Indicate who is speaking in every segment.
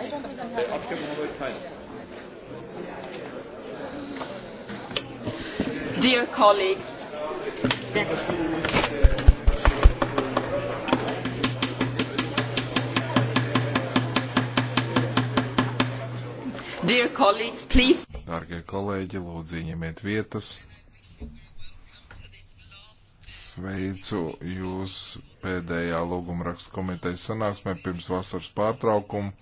Speaker 1: Dear
Speaker 2: colleagues, Dear colleagues, please.
Speaker 3: Dārgie kolēģi, lūdzu, ieņemiet vietas. Sveicu jūs pēdējā lūguma rakstu komitejas sanāksmē pirms vasaras pārtraukuma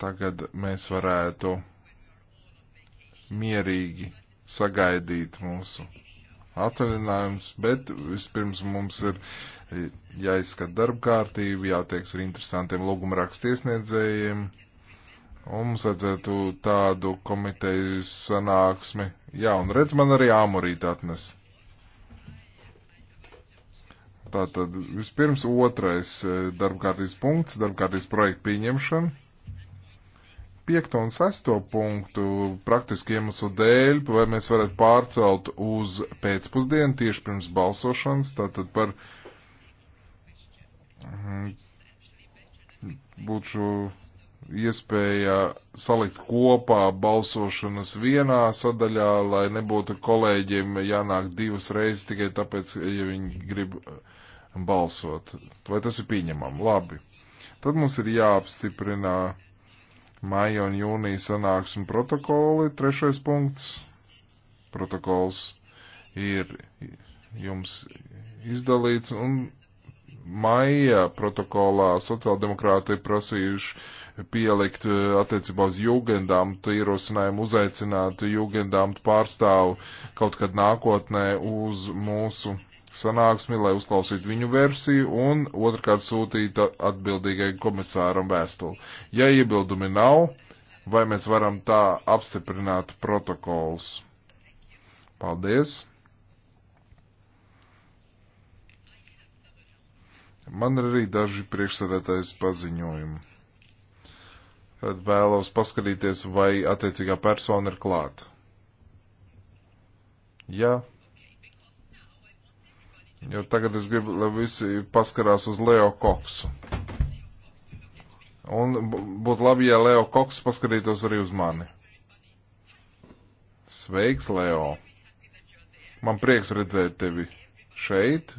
Speaker 3: tagad mēs varētu mierīgi sagaidīt mūsu atvaļinājums, bet vispirms mums ir jāizskat darba kārtība, jātieks ar interesantiem lūguma rakstiesniedzējiem, un mums vajadzētu tādu komiteju sanāksmi. Jā, un redz, man arī āmurīt atnes. Tātad vispirms otrais eh, darba kārtības punkts, darba kārtības projekta pieņemšana piekto un sesto punktu praktiski iemeslu dēļ, vai mēs varētu pārcelt uz pēcpusdienu tieši pirms balsošanas, tātad par mhm, būtu iespēja salikt kopā balsošanas vienā sadaļā, lai nebūtu kolēģiem jānāk divas reizes tikai tāpēc, ja viņi grib balsot. Vai tas ir pieņemam? Labi. Tad mums ir jāapstiprina maija un jūnija sanāksmu protokoli. Trešais punkts. Protokols ir jums izdalīts un maija protokolā sociāldemokrāti prasījuši pielikt eh, attiecībā uz jūgendāmtu ierosinājumu uzaicināt jūgendāmtu pārstāvu kaut kad nākotnē uz mūsu sanāksmi, lai uzklausītu viņu versiju un otrkārt sūtītu atbildīgai komisāram vēstuli. Ja iebildumi nav, vai mēs varam tā apstiprināt protokols? Paldies! Man ir arī daži priekšsēdētājs paziņojumi. Tad vēlos paskatīties, vai attiecīgā persona ir klāta. Ja Jo tagad es gribu, lai visi paskarās uz Leo Koksu. Un būtu labi, ja Leo Koks paskatītos arī uz mani. Sveiks, Leo! Man prieks redzēt tevi šeit.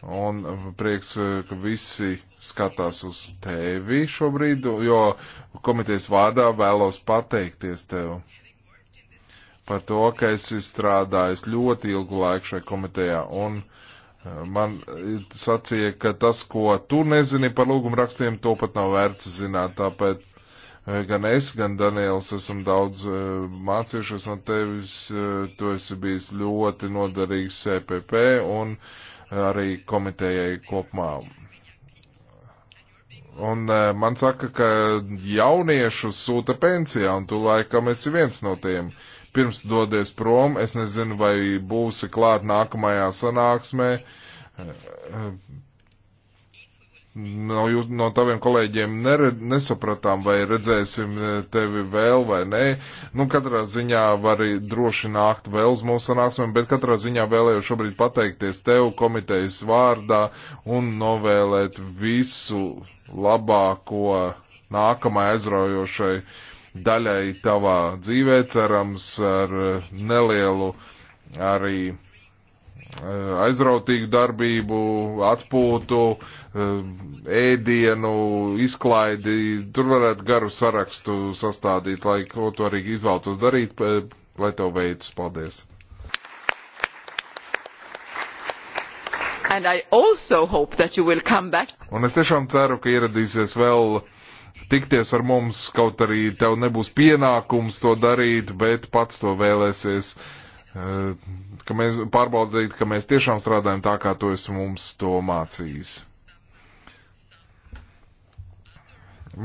Speaker 3: Un prieks, ka visi skatās uz tevi šobrīd, jo komitejas vārdā vēlos pateikties tev par to, ka es strādāju ļoti ilgu laiku šajā komitejā. Un eh, man sacīja, ka tas, ko tu nezini par lūgumu rakstiem, to pat nav vērts zināt. Tāpēc eh, gan es, gan Daniels esam daudz eh, mācījušies no tevis. Tu esi bijis ļoti noderīgs CPP un arī komitejai kopumā. Un man saka, ka jauniešu sūta pensijā, un tu laikam esi viens no tiem. Uh, pirms dodies prom. Es nezinu, vai būsi klāt nākamajā sanāksmē. No, jūs, no taviem kolēģiem nere, nesapratām, vai redzēsim eh, tevi vēl vai nē. Nu, katrā ziņā var droši nākt vēl uz mūsu sanāksmēm, bet katrā ziņā vēlēju šobrīd pateikties tev komitejas vārdā un novēlēt visu labāko nākamai aizraujošai uh, daļai tavā dzīvē, cerams, ar nelielu arī eh, aizrautīgu darbību, atpūtu, eh, ēdienu, izklaidi. Tur varētu garu sarakstu sastādīt, lai ko tu arī izvēltos darīt, eh, lai tev veicas. Paldies! Un es tiešām ceru, ka ieradīsies vēl uh, tikties ar mums, kaut arī tev nebūs pienākums to darīt, bet pats to vēlēsies, eh, ka mēs pārbaudīt, ka mēs tiešām strādājam tā, kā tu esi mums to mācījis.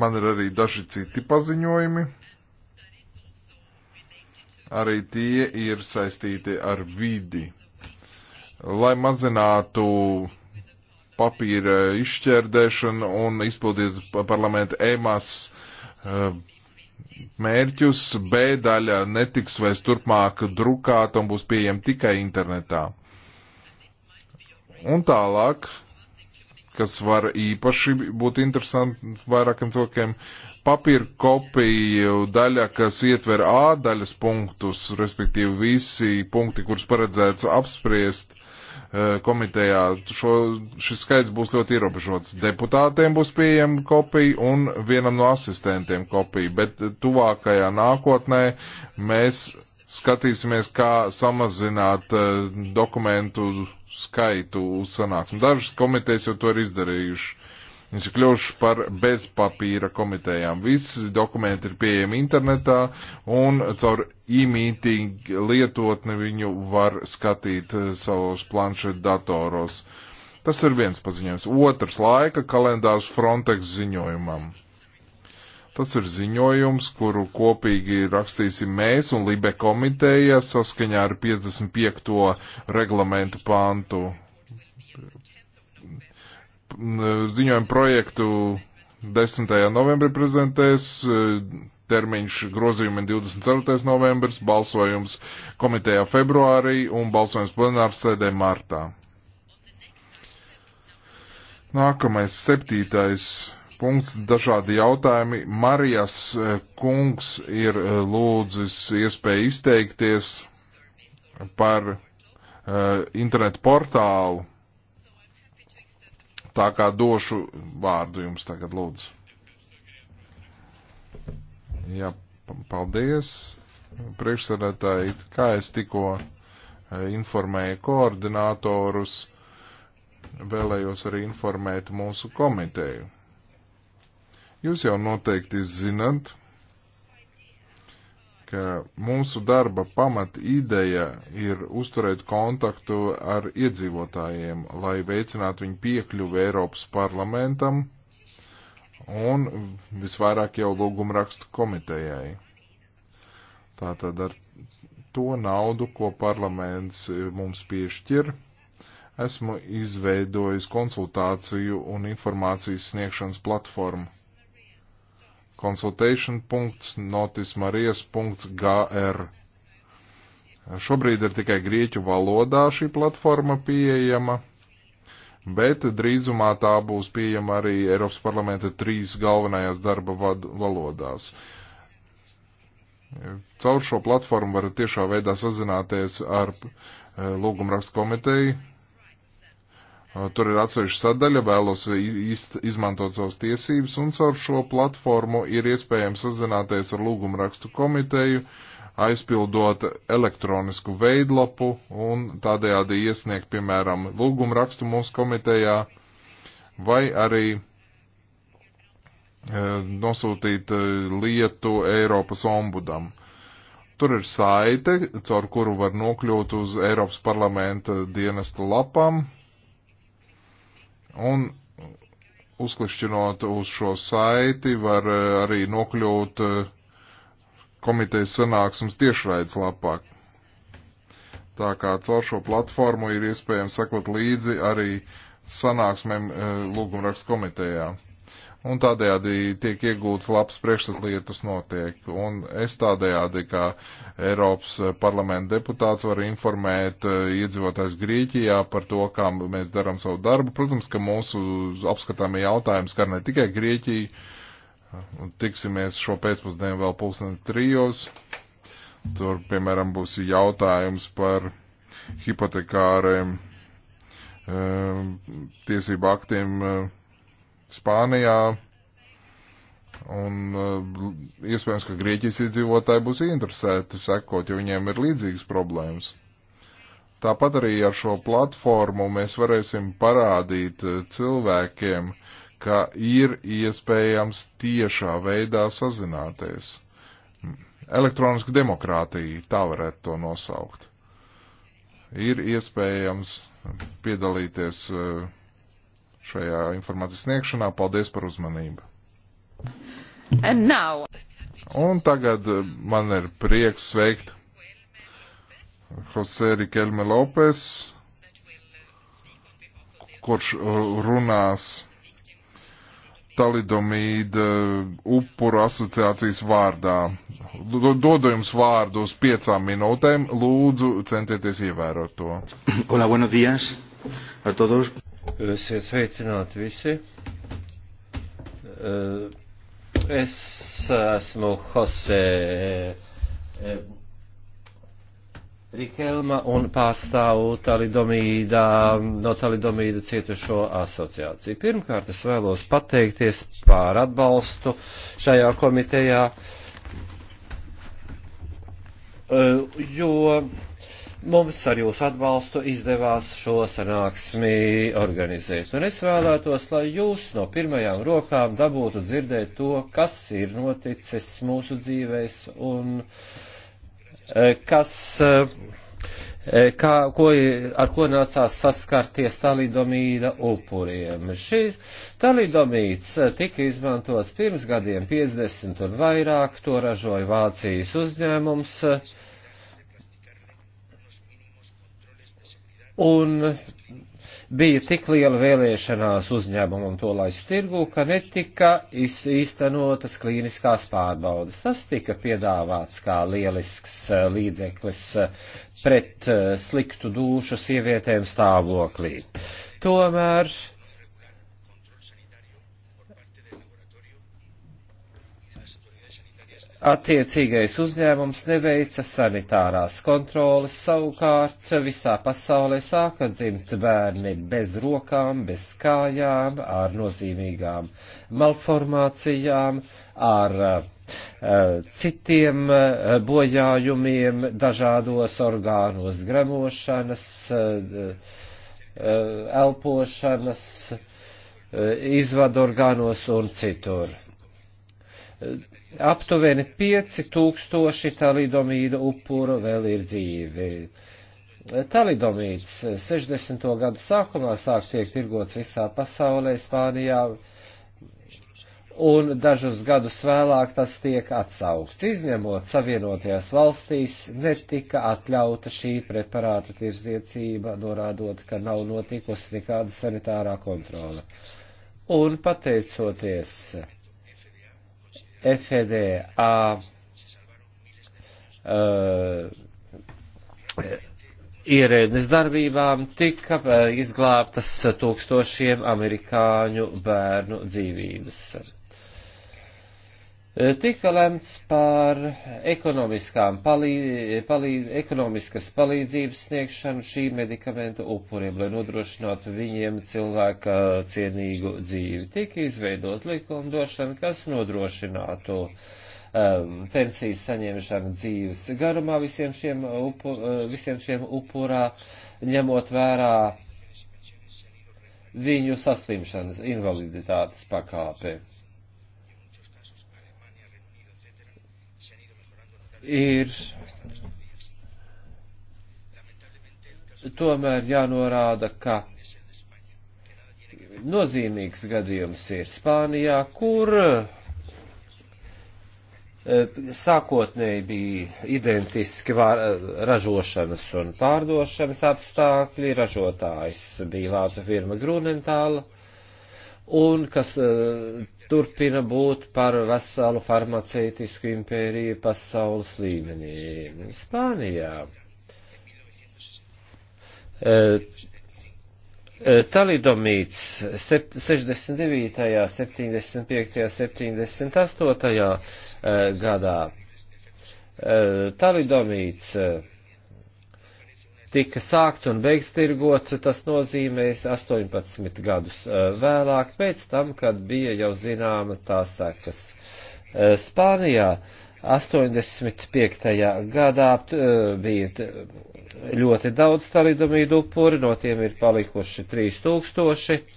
Speaker 3: Man ir arī daži citi paziņojumi. Arī tie ir saistīti ar vidi. Lai mazinātu papīra izšķērdēšanu un izpildīt parlamenta EMAS eh, mērķus. B daļa netiks vairs turpmāk drukāta un būs pieejama tikai internetā. Un tālāk, kas var īpaši būt interesanti vairākiem cilvēkiem, papīra kopiju daļa, kas ietver A daļas punktus, respektīvi visi punkti, kurus paredzēts apspriest Eh, komitejā. Šo, šis skaits būs ļoti ierobežots. Deputātiem būs pieejama kopija un vienam no asistentiem kopija, bet tuvākajā nākotnē mēs skatīsimies, kā samazināt eh, dokumentu skaitu uz sanāksmu. Dažas komitejas jau to ir izdarījuši. Viņš ir kļuvuši par bezpapīra komitejām. Visi dokumenti ir pieejami internetā un caur e-mīting lietotni viņu var skatīt eh, savos planšetu datoros. Tas ir viens paziņojums. Otrs laika kalendārs Frontex ziņojumam. Tas ir ziņojums, kuru kopīgi rakstīsim mēs un Libe komiteja saskaņā ar 55. reglamentu pāntu ziņojumu projektu 10. novembrī prezentēs, e, termiņš grozījumi 24. novembris, balsojums komitejā februārī un balsojums plenārs sēdē martā. Nākamais, septītais punkts, dažādi jautājumi. Marijas e, kungs ir e, lūdzis iespēju izteikties par uh, internetu portālu Tā kā došu vārdu jums tagad, lūdzu. Jā, paldies. Priekšsēdētāji, kā es tikko e, informēju koordinātorus, vēlējos arī informēt mūsu komiteju. Jūs jau noteikti zinat, ka mūsu darba pamat ideja ir uzturēt kontaktu ar iedzīvotājiem, lai veicinātu viņu piekļuvi Eiropas parlamentam un visvairāk jau lūgumrakstu komitejai. Tātad ar to naudu, ko parlaments mums piešķir, esmu izveidojis konsultāciju un informācijas sniegšanas platformu consultation.notismarijas.gr. Šobrīd ir tikai grieķu valodā šī platforma pieejama, bet drīzumā tā būs pieejama arī Eiropas parlamenta trīs galvenajās darba valodās. Caur šo platformu var tiešā veidā sazināties ar eh, lūgumrakstu komiteju, Uh, tur ir atsevišķa sadaļa, vēlos izmantot savas tiesības, un caur šo platformu ir iespējams sazināties ar lūgumu rakstu komiteju, aizpildot elektronisku veidlapu un tādējādi iesniegt, piemēram, lūgumu rakstu mūsu komitejā, vai arī e, nosūtīt uh, lietu Eiropas ombudam. Tur ir saite, caur kuru var nokļūt uz Eiropas parlamenta dienesta lapām, Un uzklišķinot uz šo saiti, var eh, arī nokļūt eh, komitejas sanāksmes tiešraides lapā. Tā kā caur šo platformu ir iespējams sekot līdzi arī sanāksmēm eh, lūgumrakstu komitejā un tādējādi tiek iegūts labs priekšstats lietas notiek. Un es tādējādi, kā Eiropas parlamenta deputāts, varu informēt eh, iedzīvotājs Grieķijā par to, kā mēs darām savu darbu. Protams, ka mūsu apskatāmie jautājums skar ne tikai Grieķiju. Tiksimies šo pēcpusdienu vēl pulkstens trijos. Tur, piemēram, būs jautājums par hipotekāriem eh, tiesību aktiem eh, Spānijā, un eh, iespējams, ka Grieķijas iedzīvotāji būs interesēti sekot, jo viņiem ir līdzīgas problēmas. Tāpat arī ar šo platformu mēs varēsim parādīt eh, cilvēkiem, ka ir iespējams tiešā veidā sazināties. Elektroniska demokrātija, tā varētu to nosaukt. Ir iespējams piedalīties uh, šajā informācijas sniegšanā. Paldies par uzmanību. Un tagad eh, man ir prieks sveikt José Rikelme Lopes, kurš eh, runās talidomīda upuru asociācijas vārdā. Dodu jums vārdu uz piecām minūtēm, lūdzu centieties ievērot to. Hola, buenos días a todos. Esiet sveicināti visi. Eh, es
Speaker 1: esmu Jose eh, Rikelma un pārstāvu Talidomīda, no Talidomīda cietušo asociāciju. Pirmkārt, es vēlos pateikties par atbalstu šajā komitejā, eh, jo mums ar jūsu atbalstu izdevās šo sanāksmi organizēt. Un es vēlētos, lai jūs no pirmajām rokām dabūtu dzirdēt to, kas ir noticis mūsu dzīvēs un e, kas, e, e, kā, ko, ar ko nācās saskarties talidomīda upuriem. Šis talidomīds tika izmantots pirms gadiem 50 un vairāk, to ražoja Vācijas uzņēmums un bija tik liela vēlēšanās uzņēmumam to laist tirgu, ka netika īstenotas klīniskās pārbaudas. Tas tika piedāvāts kā lielisks eh, līdzeklis eh, pret eh, sliktu dušu sievietēm stāvoklī. Tomēr attiecīgais uzņēmums neveica sanitārās kontroles, savukārt visā pasaulē sāka dzimt bērni bez rokām, bez kājām, ar nozīmīgām malformācijām, ar uh, citiem uh, bojājumiem, dažādos orgānos gremošanas, uh, elpošanas, izvadorgānos un citur Eh, aptuveni 5000 talidomīdu upuru vēl ir dzīvi. Eh, talidomīds 60. Eh, gadu sākumā sāk tiek tirgots visā pasaulē, Spānijā, un dažus gadus vēlāk tas tiek atsaukts. Izņemot Savienotajās valstīs, netika atļauta šī preparāta tirzniecība, norādot, ka nav notikusi nekāda sanitārā kontrola. Un pateicoties FDA e uh, eh, ierēdnes darbībām tika eh, izglābtas tūkstošiem amerikāņu bērnu dzīvības. Tiks vēl lemts par ekonomiskām palīd, palīd, ekonomiskas palīdzības sniegšanu šī medikamentu upuriem, lai nodrošinātu viņiem cilvēka cienīgu dzīvi. Tika izveidot likumdošana, kas nodrošinātu um, pensijas saņemšanu dzīves garumā visiem šiem, upu, uh, visiem šiem upurā, ņemot vērā viņu saslimšanas invaliditātes pakāpē. ir tomēr jānorāda, ka nozīmīgs gadījums ir Spānijā, kur eh, sākotnēji bija identiski ražošanas un pārdošanas apstākļi, ražotājs bija vācu firma Grunentāla, un kas eh, turpina būt par veselu farmaceitisku impēriju pasaules līmenī. Spānijā. E, e Talidomīts 69., 75., 78. gadā. E, Talidomīts e, tika sākts un beigts tirgots, tas nozīmēs 18 gadus eh, vēlāk, pēc tam, kad bija jau zināma tā sekas. Eh, Spānijā 85. gadā eh, bija ļoti daudz talidomīdu upuri, no tiem ir palikuši 3000.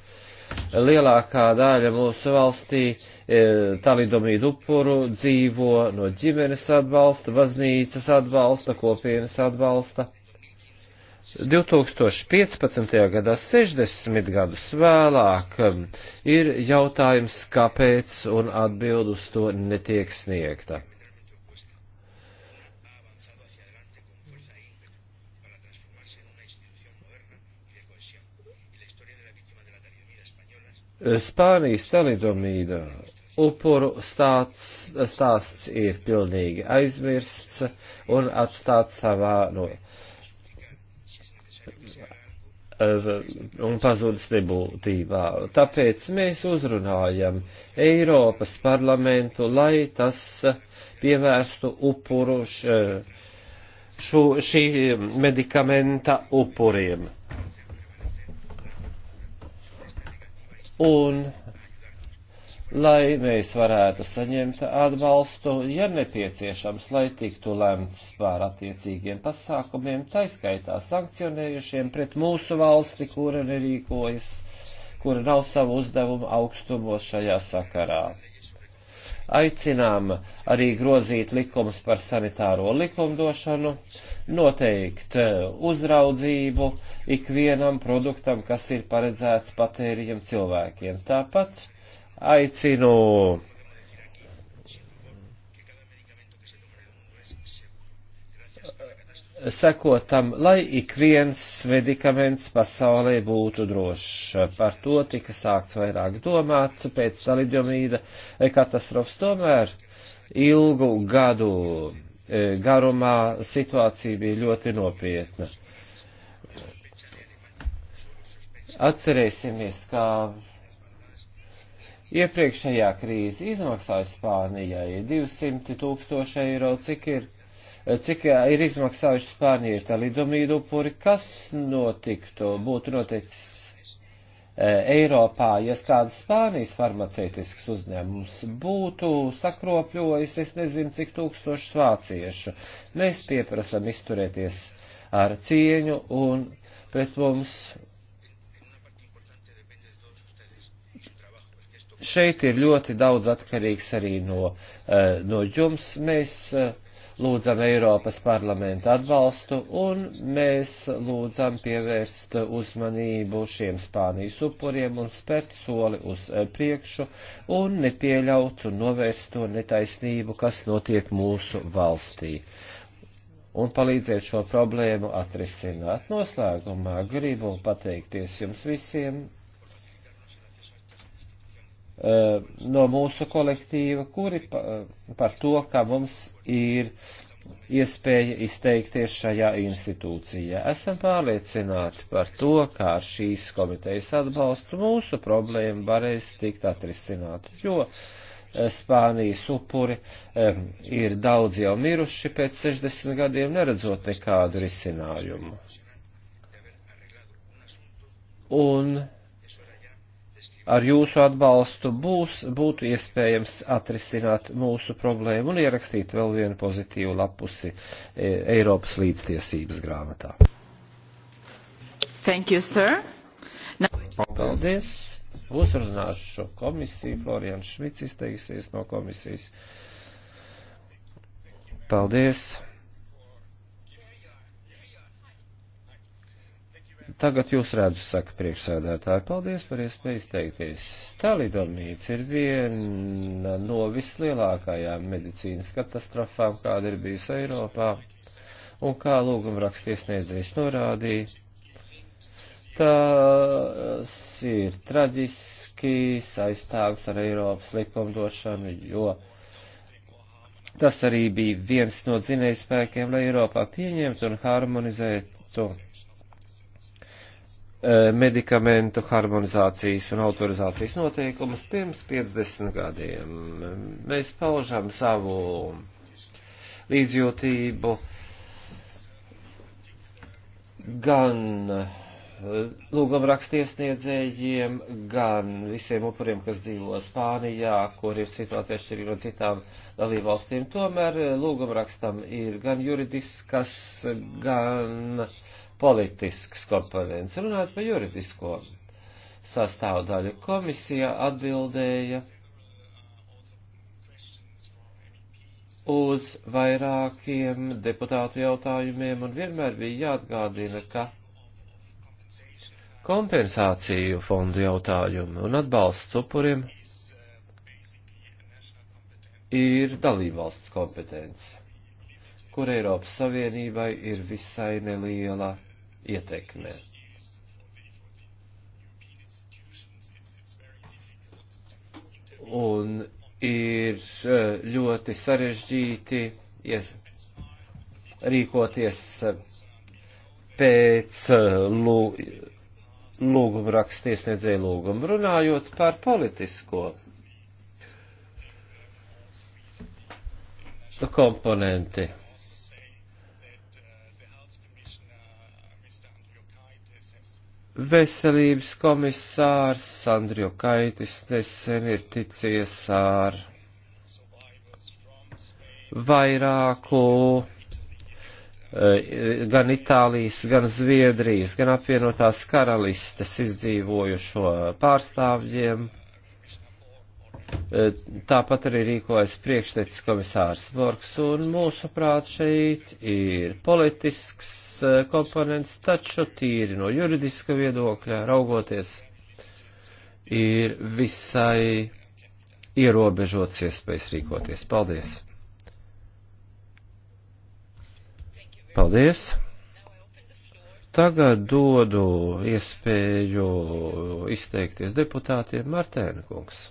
Speaker 1: Lielākā daļa mūsu valstī talidomīdu upuru dzīvo no ģimenes atbalsta, baznīcas atbalsta, kopienas atbalsta 2015. gadā, 60 gadus vēlāk, um, ir jautājums, kāpēc, un atbild uz to netiek sniegta. Spānijas talidomīda upuru stāsts, stāsts ir pilnīgi aizmirsts un atstāts savā no. Nu, Eh, un pazudas nebūtībā. Tāpēc mēs uzrunājam Eiropas parlamentu, lai tas pievērstu upuru š, šo, šī medikamenta upuriem. Un lai mēs varētu saņemt atbalstu, ja nepieciešams, lai tiktu lemts pār attiecīgiem pasākumiem, taiskaitā sankcionējušiem pret mūsu valsti, kura nerīkojas, kura nav savu uzdevumu augstumos šajā sakarā. Aicinām arī grozīt likumus par sanitāro likumdošanu, noteikt e, uzraudzību ikvienam produktam, kas ir paredzēts patērijam cilvēkiem. Tāpat aicinu sekot tam, lai ik viens medikaments pasaulē būtu drošs. Par to tika sākts vairāk domāt pēc talidomīda katastrofas. Tomēr ilgu gadu e, garumā situācija bija ļoti nopietna. Atcerēsimies, kā Iepriekšējā krīze izmaksāja Spānijai 200 tūkstoši eiro, cik ir, cik eh, ir izmaksājuši Spānijai tā lidomīdu upuri, kas notiktu, būtu noticis eh, Eiropā, ja kāds Spānijas farmaceitisks uzņēmums būtu sakropļojis, es nezinu, cik tūkstoši vāciešu. Mēs pieprasam izturēties ar cieņu un pret mums šeit ir ļoti daudz atkarīgs arī no, eh, no jums. Mēs eh, lūdzam Eiropas parlamenta atbalstu un mēs lūdzam pievērst uzmanību šiem Spānijas upuriem un spērt soli uz eh, priekšu un nepieļaut un novērst to netaisnību, kas notiek mūsu valstī un palīdzēt šo problēmu atrisināt. Noslēgumā gribu pateikties jums visiem Eh, no mūsu kolektīva, kuri eh, par to, ka mums ir iespēja izteikties šajā institūcijā. Esam pārliecināti par to, kā ar šīs komitejas atbalstu mūsu problēma varēs tikt atrisināt, jo eh, Spānijas upuri ir daudz jau miruši pēc 60 gadiem, neredzot nekādu risinājumu. Un ar jūsu atbalstu būs, būtu iespējams atrisināt mūsu problēmu un ierakstīt vēl vienu pozitīvu lapusi e, Eiropas līdztiesības grāmatā.
Speaker 2: Thank you, sir.
Speaker 1: Now... Paldies. Uzrunāšu komisiju. Florians Šmits izteiksies no komisijas. Paldies. Tagad jūs redzu, saka priekšsēdētāji, paldies par iespēju izteikties. Talidomīts ir viena no vislielākajām medicīnas katastrofām, kāda ir bijusi Eiropā, un kā lūguma rakstiesniedzējs norādīja, tas ir traģiski saistāms ar Eiropas likumdošanu, jo. Tas arī bija viens no dzinējspēkiem, lai Eiropā pieņemtu un harmonizētu E, medikamentu harmonizācijas un autorizācijas noteikumus pirms 50 gadiem. Mēs paužam savu līdzjūtību gan e, lūgumrakstiesniedzējiem, gan visiem upuriem, kas dzīvo Spānijā, kur ir situācija atšķirīga no citām dalībvalstīm. Tomēr e, lūgumrakstam ir gan juridiskas, gan uh, politisks komponents. Runājot par juridisko sastāvdaļu, komisija atbildēja uz vairākiem deputātu jautājumiem un vienmēr bija jāatgādina, ka kompensāciju fondu jautājumu un atbalsts upuriem ir dalībvalsts kompetence, kur Eiropas Savienībai ir visai neliela ietekmē. Un ir eh, ļoti sarežģīti ies, rīkoties eh, pēc eh, lū, lūguma rakstiesniedzēju lūgumu, runājot par politisko komponenti. Veselības komisārs Sandriju Kaitis nesen ir ticies ar vairāku eh, gan Itālijas, gan Zviedrijas, gan apvienotās karalistes izdzīvojušo pārstāvjiem Eh, tāpat arī rīkojas priekšteicis komisārs Borgs, un mūsuprāt šeit ir politisks eh, komponents, taču tīri no juridiska viedokļa raugoties ir visai ierobežots iespējas rīkoties. Paldies! Paldies! Tagad dodu iespēju izteikties deputātiem Martēna kungs.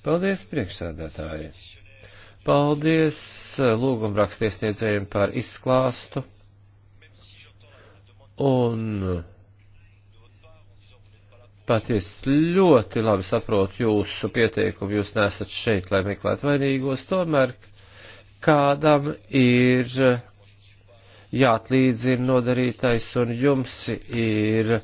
Speaker 1: Paldies, priekšsēdētāji! Paldies eh, lūgumrakstiesniedzējiem par izklāstu. Un pat es ļoti labi saprotu jūsu pieteikumu, jūs nesat šeit, lai meklētu vainīgos, tomēr kādam ir jāatlīdzina nodarītais un jums ir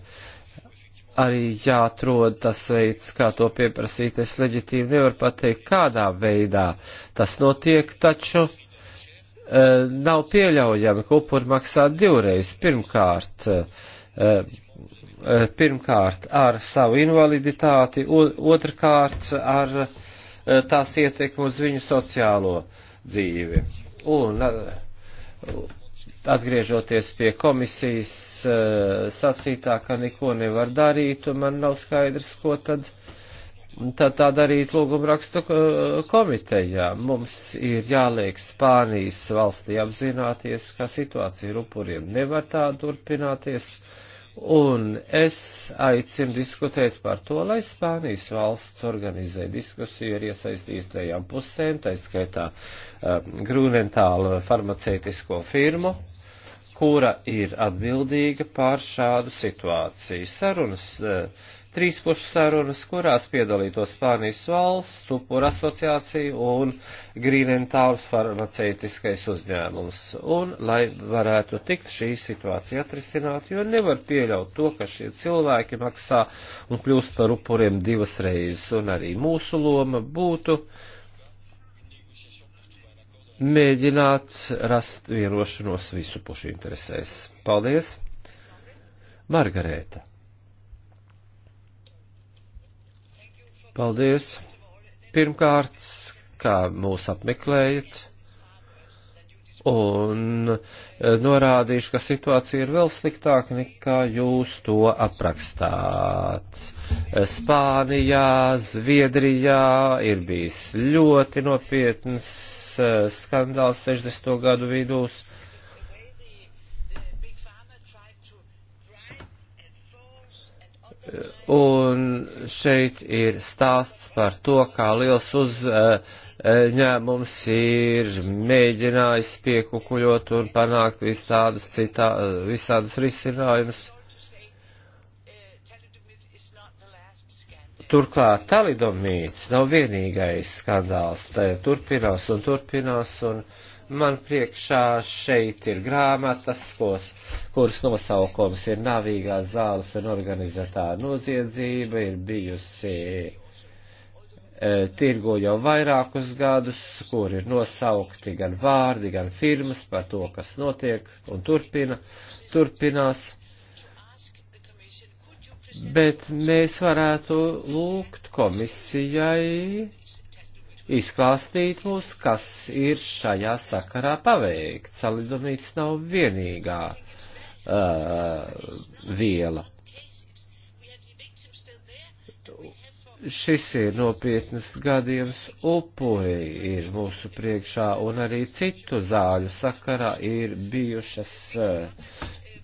Speaker 1: arī jāatrod tas veids, kā to pieprasīt. Es leģitīvi nevaru pateikt, kādā veidā tas notiek, taču e, nav pieļaujami, ka upuri maksā divreiz. Pirmkārt, e, e pirmkārt ar savu invaliditāti, otrkārt ar e, tās ietekmu uz viņu sociālo dzīvi. Un, e, atgriežoties pie komisijas eh, sacītā, ka neko nevar darīt, un man nav skaidrs, ko tad tā, tā darīt lūgumrakstu eh, komitejā. Mums ir jāliek Spānijas valstī apzināties, ka situācija ar upuriem nevar tā turpināties, un es aicinu diskutēt par to, lai Spānijas valsts organizē diskusiju ar iesaistītajām pusēm, tā skaitā um, eh, grūnentālu farmaceitisko firmu kura ir atbildīga pār šādu situāciju. Sarunas, eh, trīspušu sarunas, kurās piedalītos Spānijas valsts, Cupura asociācija un Grīnentāls farmaceitiskais uzņēmums. Un, lai varētu tikt šī situācija atrisināt, jo nevar pieļaut to, ka šie cilvēki maksā un kļūst par upuriem divas reizes, un arī mūsu loma būtu uh, mēģināt rast vienošanos visu pušu interesēs. Paldies! Margarēta! Paldies! Pirmkārt, kā mūs apmeklējat, un e, norādīšu, ka situācija ir vēl sliktāka nekā jūs to aprakstāt. E, Spānijā, Zviedrijā ir bijis ļoti nopietns Eh, skandāls 60. gadu vidūs. Un šeit ir stāsts par to, kā liels uzņēmums eh, ir mēģinājis piekukuļot un panākt visādus, citā, eh, visādus risinājumus. Turklāt talidomīts nav vienīgais skandāls, turpinās un turpinās, un man priekšā šeit ir grāmatas, kos, kuras nosaukums ir navīgās zāles un organizētā noziedzība, ir bijusi e, tirgo jau vairākus gadus, kur ir nosaukti gan vārdi, gan firmas par to, kas notiek un turpina, turpinās bet mēs varētu lūgt komisijai izklāstīt mūs, kas ir šajā sakarā paveikts. Salidonīts nav vienīgā uh, viela. šis ir nopietnas gadījums, upuri ir mūsu priekšā, un arī citu zāļu sakarā ir bijušas uh,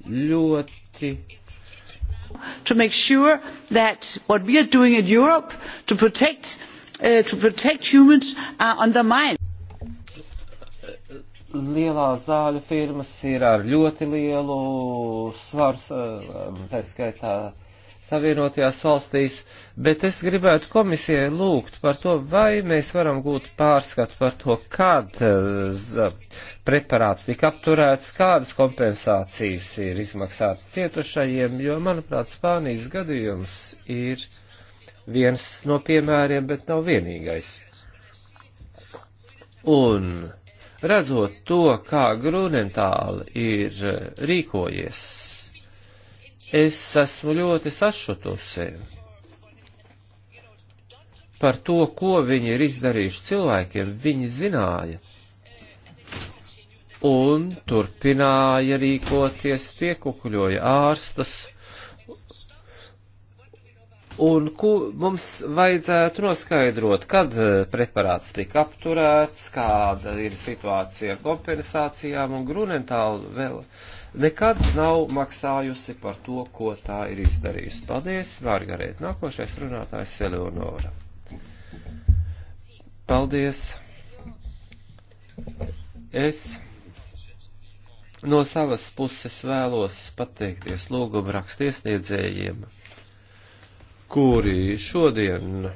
Speaker 1: ļoti to make sure that what we are
Speaker 3: doing in Europe to protect, uh, to protect humans are undermined.
Speaker 1: Lielās zāļu firmas ir ar ļoti lielu svaru, um, tā skaitā Savienotajās valstīs, bet es gribētu komisijai lūgt par to, vai mēs varam gūt pārskatu par to, kad eh, preparāts tika apturēts, kādas kompensācijas ir izmaksātas cietušajiem, jo, manuprāt, Spānijas gadījums ir viens no piemēriem, bet nav vienīgais. Un redzot to, kā Grunentāli ir rīkojies Es esmu ļoti sašutusi par to, ko viņi ir izdarījuši cilvēkiem. Viņi zināja un turpināja rīkoties, piekukuļoja ārstus. Un ko mums vajadzētu noskaidrot, kad eh, preparāts tika apturēts, kāda ir situācija ar kompensācijām un grunentāli vēl nekad nav maksājusi par to, ko tā ir izdarījusi. Paldies, Margarēt. Nākošais runātājs Eleonora. Paldies. Es no savas puses vēlos pateikties lūguma rakstiesniedzējiem, kuri šodien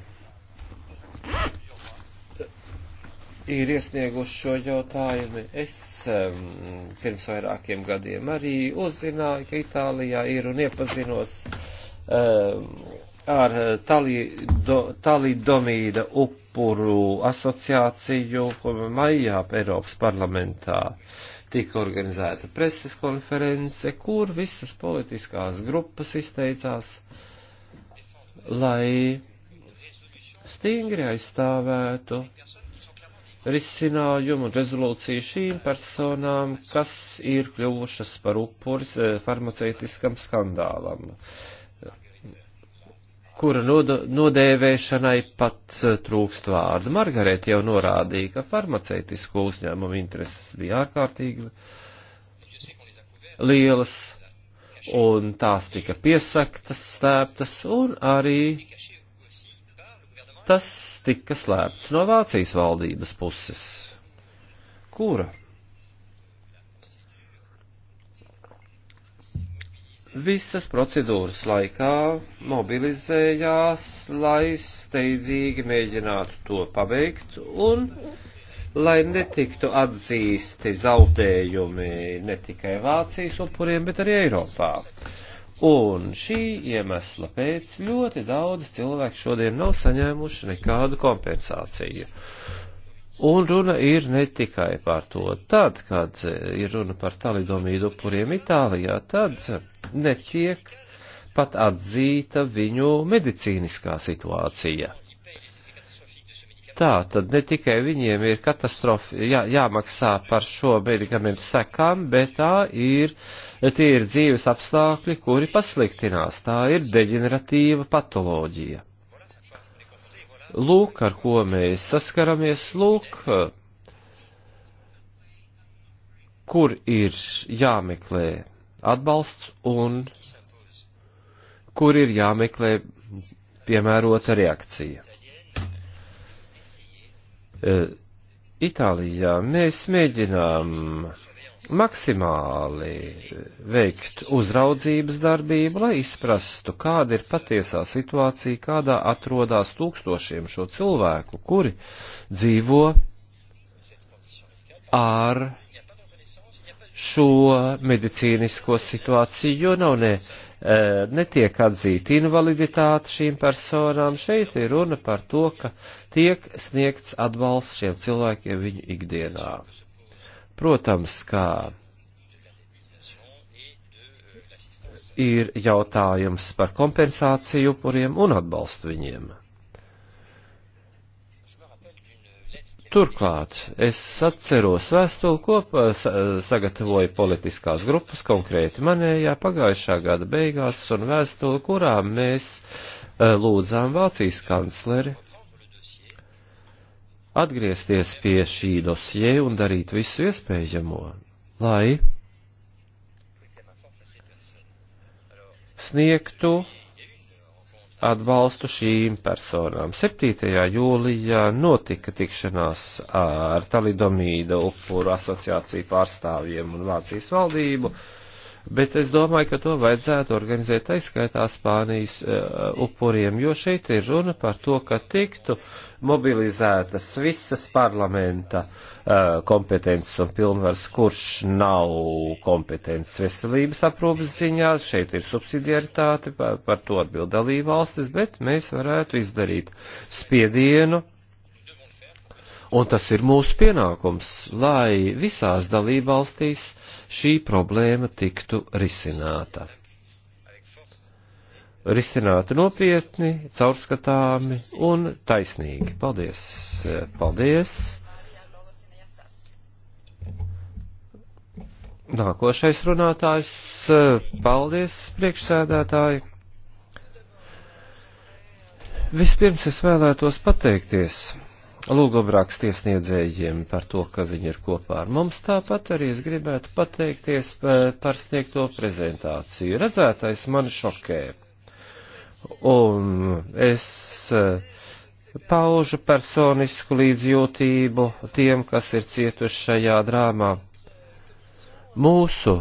Speaker 1: ir iesnieguši šo jautājumu. Es um, pirms vairākiem gadiem arī uzzināju, ka Itālijā ir un iepazinos um, ar talido, talidomīda upuru asociāciju, ko maijā Eiropas parlamentā tika organizēta preses konference, kur visas politiskās grupas izteicās, lai stingri aizstāvētu risinājumu un rezolūciju šīm personām, kas ir kļuvušas par upuris eh, farmaceitiskam skandālam, kura nodēvēšanai pat eh, trūkst vārdu. Margarēta jau norādīja, ka farmaceitisko uzņēmumu intereses bija ārkārtīgi lielas, un tās tika piesaktas, stēptas, un arī tas tika slēpts no Vācijas valdības puses. Kura? Visas procedūras laikā mobilizējās, lai steidzīgi mēģinātu to pabeigt un lai netiktu atzīsti zaudējumi ne tikai Vācijas upuriem, bet arī Eiropā. Uh, Un šī iemesla pēc ļoti daudz cilvēku šodien nav saņēmuši nekādu kompensāciju. Un runa ir ne tikai par to. Tad, kad ir runa par talidomīdu upuriem Itālijā, tad netiek pat atzīta viņu medicīniskā situācija. Tā tad ne tikai viņiem ir katastrofa jā, jāmaksā par šo medikamentu sekām, bet tā ir uh, tie ir dzīves apstākļi, kuri pasliktinās. Tā ir deģeneratīva patoloģija. Lūk, ar ko mēs saskaramies, lūk, kur ir jāmeklē atbalsts un kur ir jāmeklē piemērota reakcija. Itālijā mēs mēģinām maksimāli veikt uzraudzības darbību, lai izprastu, kāda ir patiesā situācija, kādā atrodas tūkstošiem šo cilvēku, kuri dzīvo ar šo medicīnisko situāciju, jo nav ne, e, netiek atzīta invaliditāte šīm personām. Šeit ir runa par to, ka tiek sniegts atbalsts šiem cilvēkiem viņu ikdienā. Protams, kā ir jautājums par kompensāciju upuriem un atbalstu viņiem. Turklāt es atceros vēstuli, ko sagatavoja politiskās grupas konkrēti manējā pagājušā gada beigās un vēstuli, kurā mēs eh, lūdzām Vācijas kancleri atgriezties pie šī dosie un darīt visu iespējamo, lai sniegtu atbalstu šīm personām. 7. jūlijā notika tikšanās ar Talidomīda upuru asociāciju pārstāvjiem un Vācijas valdību. Uh, Bet es domāju, ka to vajadzētu organizēt aizskaitā Spānijas uh, upuriem, jo šeit ir runa par to, ka tiktu mobilizētas visas parlamenta uh, kompetences un pilnvars, kurš nav kompetences veselības aprūpas ziņā. Šeit ir subsidiaritāte, par, par to atbild dalībvalstis, bet mēs varētu izdarīt spiedienu Un tas ir mūsu pienākums, lai visās dalībvalstīs šī problēma tiktu risināta. Risināta nopietni, caurskatāmi un taisnīgi. Paldies! Paldies! Nākošais runātājs. Paldies, priekšsēdētāji! Vispirms es vēlētos pateikties lūgumrāks tiesniedzējiem par to, ka viņi ir kopā ar mums. Tāpat arī es gribētu pateikties par, eh, par sniegto prezentāciju. Redzētais man šokē. Un es eh, paužu personisku līdzjūtību tiem, kas ir cietuši šajā drāmā. Mūsu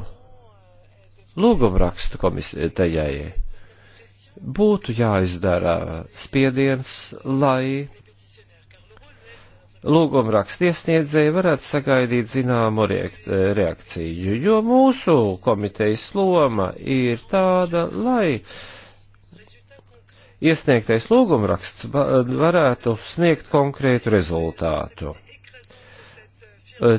Speaker 1: lūgumrakstu komitejai būtu jāizdara spiediens, lai lūguma rakstiesniedzēji varētu sagaidīt zināmu reakciju, jo mūsu komitejas loma ir tāda, lai iesniegtais lūgumraksts varētu sniegt konkrētu rezultātu. E,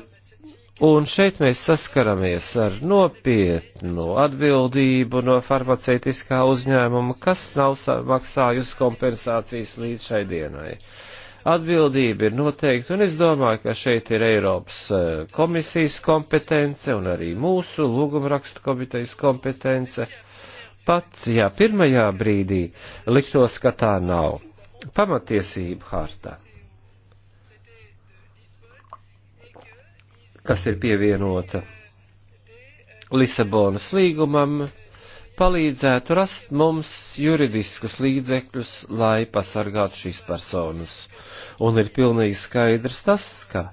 Speaker 1: un šeit mēs saskaramies ar nopietnu atbildību no farmaceitiskā uzņēmuma, kas nav maksājusi kompensācijas līdz šai dienai. Uh, Atbildība ir noteikta, un es domāju, ka šeit ir Eiropas eh, komisijas kompetence un arī mūsu lūgumrakstu komitejas kompetence. Pats, ja pirmajā brīdī liktos, ka tā nav pamatiesību harta, kas ir pievienota Lisabonas līgumam, palīdzētu rast mums juridiskus līdzekļus, lai pasargātu šīs personas. Un ir pilnīgi skaidrs tas, ka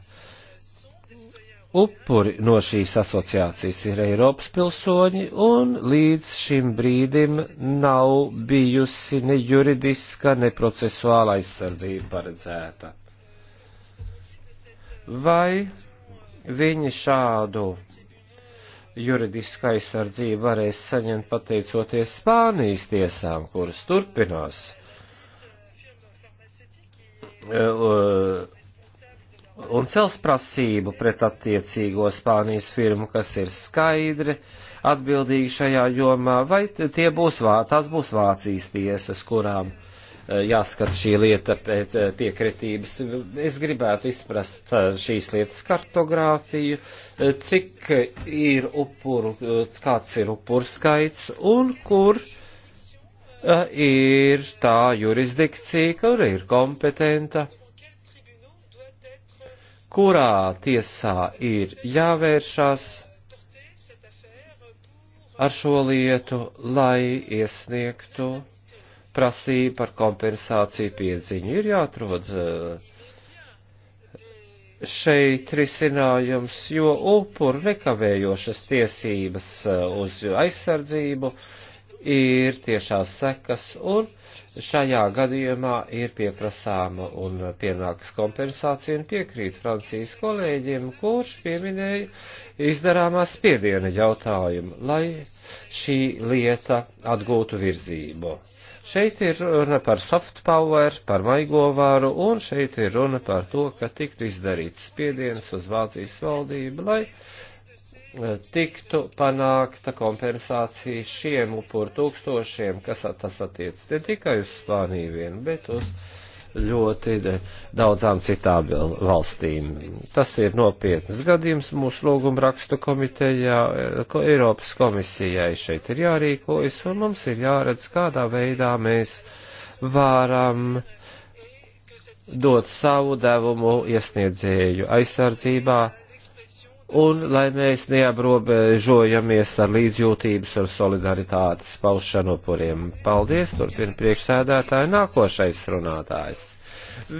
Speaker 1: upuri no šīs asociācijas ir Eiropas pilsoņi, un līdz šim brīdim nav bijusi ne juridiska, ne procesuāla aizsardzība paredzēta. Vai viņi šādu juridisku aizsardzību varēs saņemt pateicoties Spānijas tiesām, kuras turpinās e, un cels prasību pret attiecīgo Spānijas firmu, kas ir skaidri atbildīgi šajā jomā, vai tie būs, tās būs Vācijas tiesas, kurām Eh, jāskat šī lieta pēc eh, piekritības. Es gribētu izprast eh, šīs lietas kartogrāfiju, cik ir upuru, kāds ir upuru skaits un kur ir tā jurisdikcija, kur ir kompetenta, kurā tiesā ir jāvēršās ar šo lietu, lai iesniegtu prasība par kompensāciju piedziņu. Ir jāatrod eh, šeit risinājums, jo upuru nekavējošas tiesības eh, uz aizsardzību ir tiešās sekas un šajā gadījumā ir pieprasāma un pienāks kompensācija un piekrīt Francijas kolēģiem, kurš pieminēja izdarāmā spiediena jautājumu, lai šī lieta atgūtu virzību Šeit ir runa par soft power, par maigovāru, un šeit ir runa par to, ka tiktu izdarīts spiediens uz Vācijas valdību, lai e, tiktu panākta kompensācija šiem upur tūkstošiem, kas tas attiec ne tikai uz Spāniju vien, bet uz ļoti daudzām citām valstīm. Tas ir nopietnas gadījums mūsu lūguma rakstu komitejā, ko Eiropas komisijai šeit ir jārīkojas, un mums ir jāredz, kādā veidā mēs varam dot savu devumu iesniedzēju aizsardzībā un lai mēs neabrobežojamies ar līdzjūtības un solidaritātes paušanu upuriem. Paldies, turpina priekšsēdētāji, nākošais runātājs.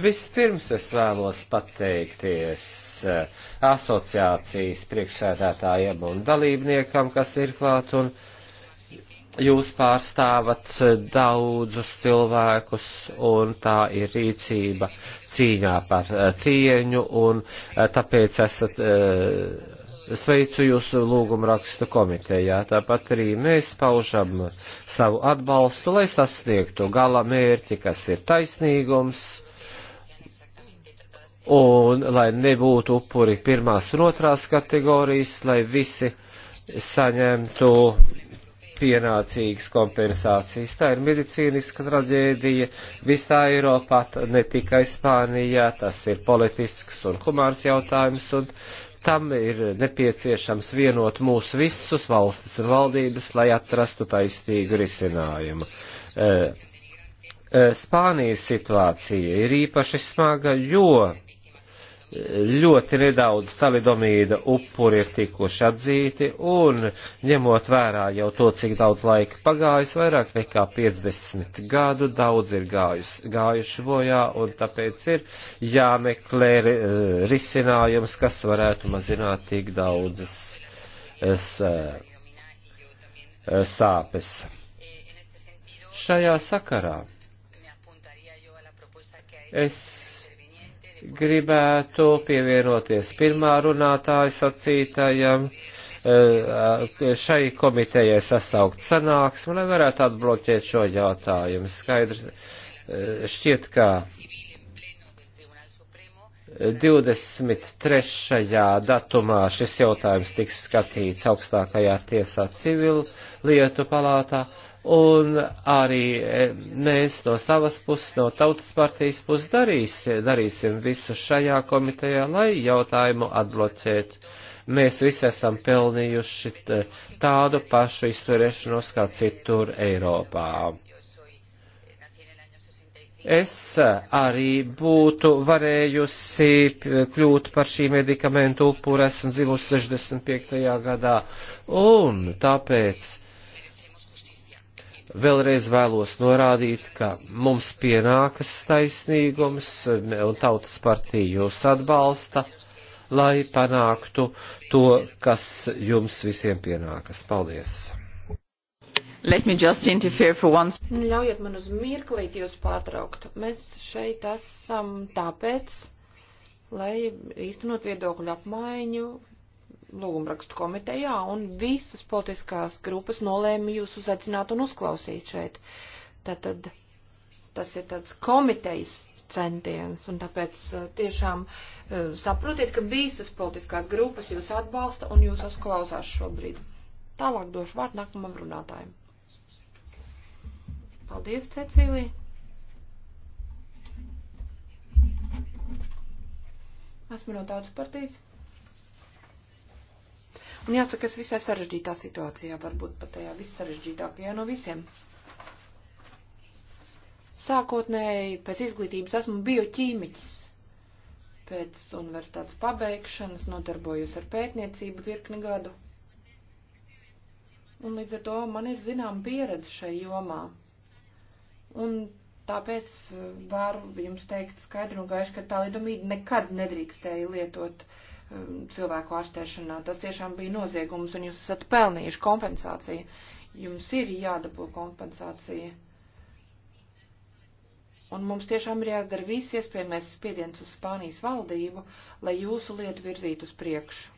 Speaker 1: Vispirms es vēlos pateikties eh, asociācijas priekšsēdētājiem un dalībniekam, kas ir klāt un jūs pārstāvat eh, daudzus cilvēkus, un tā ir rīcība cīņā par eh, cieņu, un eh, tāpēc esat sveicu jūsu lūgumu rakstu komitejā. Tāpat arī mēs paužam savu atbalstu, lai sasniegtu gala mērķi, kas ir taisnīgums. Un lai nebūtu upuri pirmās un otrās kategorijas, lai visi saņemtu pienācīgas kompensācijas. Tā ir medicīniska traģēdija visā Eiropā, ne tikai Spānijā, tas ir politisks un humāns jautājums, un tam ir nepieciešams vienot mūsu visus valstis un valdības, lai atrastu taistīgu risinājumu. Eh, eh, Spānijas situācija ir īpaši smaga, jo ļoti nedaudz talidomīda upuri ir tikuši atzīti, un ņemot vērā jau to, cik daudz laika pagājis, vairāk nekā 50 gadu, daudz ir gājus, gājuši bojā, un tāpēc ir jāmeklē eh, risinājums, kas varētu mazināt tik daudzas es, eh, eh, sāpes. Šajā sakarā es gribētu pievienoties pirmā runātāja sacītajam eh, šai komitejai sasaukt sanāksmi, lai varētu atbloķēt šo jautājumu. Skaidrs, eh, šķiet, ka 23. datumā šis jautājums tiks skatīts augstākajā tiesā civilu lietu palātā. Un arī e, mēs no savas puses, no tautas partijas puses darīs, darīsim visu šajā komitejā, lai jautājumu atbloķēt. Mēs visi esam pelnījuši tādu pašu izturēšanos kā citur Eiropā. Es arī būtu varējusi kļūt par šī medikamentu upuru, esmu dzimusi 65. gadā, un tāpēc Vēlreiz vēlos norādīt, ka mums pienākas taisnīgums un tautas partija jūs atbalsta, lai panāktu to, kas jums visiem pienākas. Paldies!
Speaker 2: Let me just interfere for once. Nu, ļaujiet man uz mirklīti jūs pārtraukt. Mēs šeit esam tāpēc, lai īstenot viedokļu apmaiņu lūgumrakstu komitejā, un visas politiskās grupas nolēma jūs uzaicināt un uzklausīt šeit. Tātad tas ir tāds komitejas centiens, un tāpēc uh, tiešām uh, saprotiet, ka visas politiskās grupas jūs atbalsta un jūs uzklausās šobrīd. Tālāk došu vārdu nākamam runātājiem. Paldies, Cecīlija! Esmu no tautas partijas. Un jāsaka, es visai sarežģītā situācijā, varbūt pat tajā vissarežģītākajā no visiem. Sākotnēji pēc izglītības esmu bioķīmiķis. Pēc universitātes pabeigšanas nodarbojos ar pētniecību virkni gadu. Un līdz ar to man ir zinām pieredze šai jomā. Un tāpēc varu jums teikt skaidru un gaišu, ka tā lidomība nekad nedrīkstēja lietot uh, Um, cilvēku ārstēšanā. Tas tiešām bija noziegums, un jūs esat pelnījuši kompensāciju. Jums ir jādabū kompensācija. Un mums tiešām ir jādara viss iespējamais spiediens uz Spānijas valdību, lai jūsu lietu virzītu uz priekšu.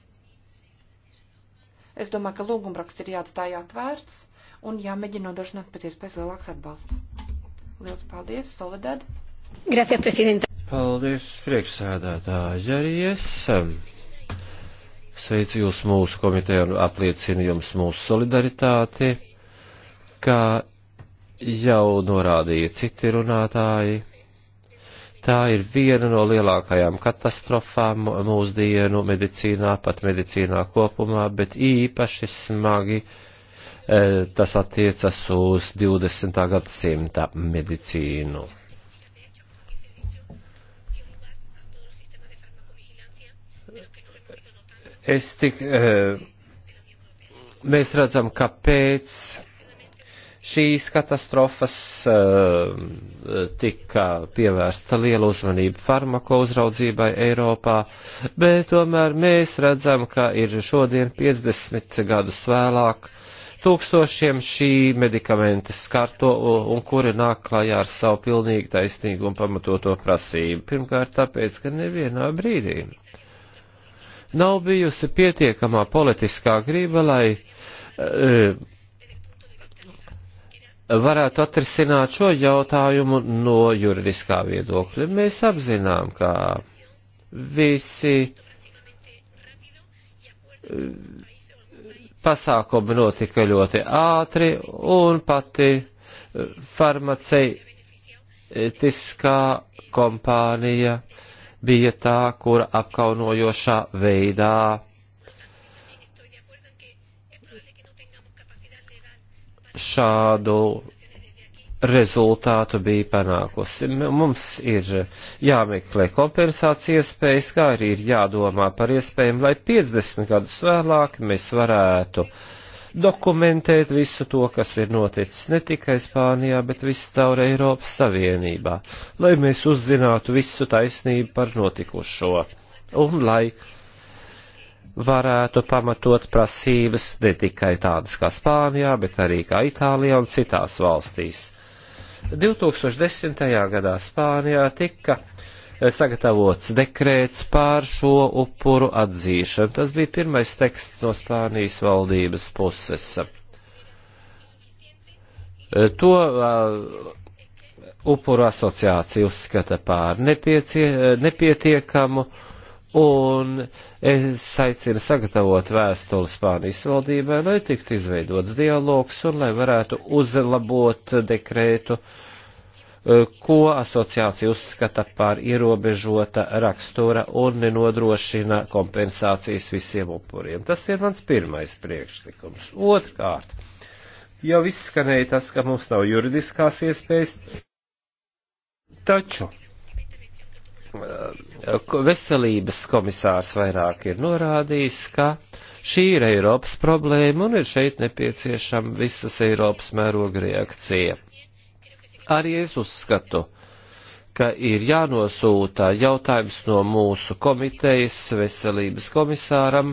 Speaker 2: Es domāju, ka lūgumraksts ir jāatstāj atvērts un jāmēģina nodrošināt pēc iespējas lielāks atbalsts. Lielas paldies, Soledad!
Speaker 1: Gracias, Presidenta! Paldies, priekšsēdētāji, arī esam! Um, sveicu jūs mūsu komiteju un apliecinu jums mūsu solidaritāti, kā jau norādīja citi runātāji. Tā ir viena no lielākajām katastrofām mūsdienu medicīnā, pat medicīnā kopumā, bet īpaši smagi eh, tas attiecas uz 20. gadsimta medicīnu. Es tik, eh, mēs redzam, ka pēc šīs katastrofas eh, tika pievērsta liela uzmanība farmako uzraudzībai Eiropā, bet tomēr mēs redzam, ka ir šodien 50 gadus vēlāk tūkstošiem šī medikamenta skarto un kuri nāk klajā ar savu pilnīgi taisnīgu un pamatoto prasību. Pirmkārt tāpēc, ka nevienā brīdī nav bijusi pietiekamā politiskā grība, lai e, varētu atrisināt šo jautājumu no juridiskā viedokļa. Mēs apzinām, ka visi eh, pasākumi notika ļoti ātri un pati eh, farmaceitiskā kompānija uh, bija tā, kura apkaunojošā veidā šādu rezultātu bija panākusi. Mums ir jāmeklē kompensācijas iespējas, kā arī ir jādomā par iespējām, lai 50 gadus vēlāk mēs varētu uh, dokumentēt visu to, kas ir noticis ne tikai Spānijā, bet viss caur Eiropas Savienībā, lai mēs uzzinātu visu taisnību par notikušo un lai varētu pamatot prasības ne tikai tādas kā Spānijā, bet arī kā Itālijā un citās valstīs. 2010. gadā Spānijā tika sagatavots dekrēts pār šo upuru atzīšanu. Tas bija pirmais teksts no Spānijas valdības puses. To uh, upuru asociācija uzskata pār nepiecie, nepietiekamu, un es aicinu sagatavot vēstuli Spānijas valdībai, lai tiktu izveidots dialogs un lai varētu uzlabot dekrētu uh, ko asociācija uzskata par ierobežota rakstura un nenodrošina kompensācijas visiem upuriem. Tas ir mans pirmais priekšlikums. Otrkārt, jau izskanēja tas, ka mums nav juridiskās iespējas, taču eh, veselības komisārs vairāk ir norādījis, ka šī ir Eiropas problēma un ir šeit nepieciešama visas Eiropas mēroga reakcija. Arī es uzskatu, ka ir jānosūta jautājums no mūsu komitejas veselības komisāram,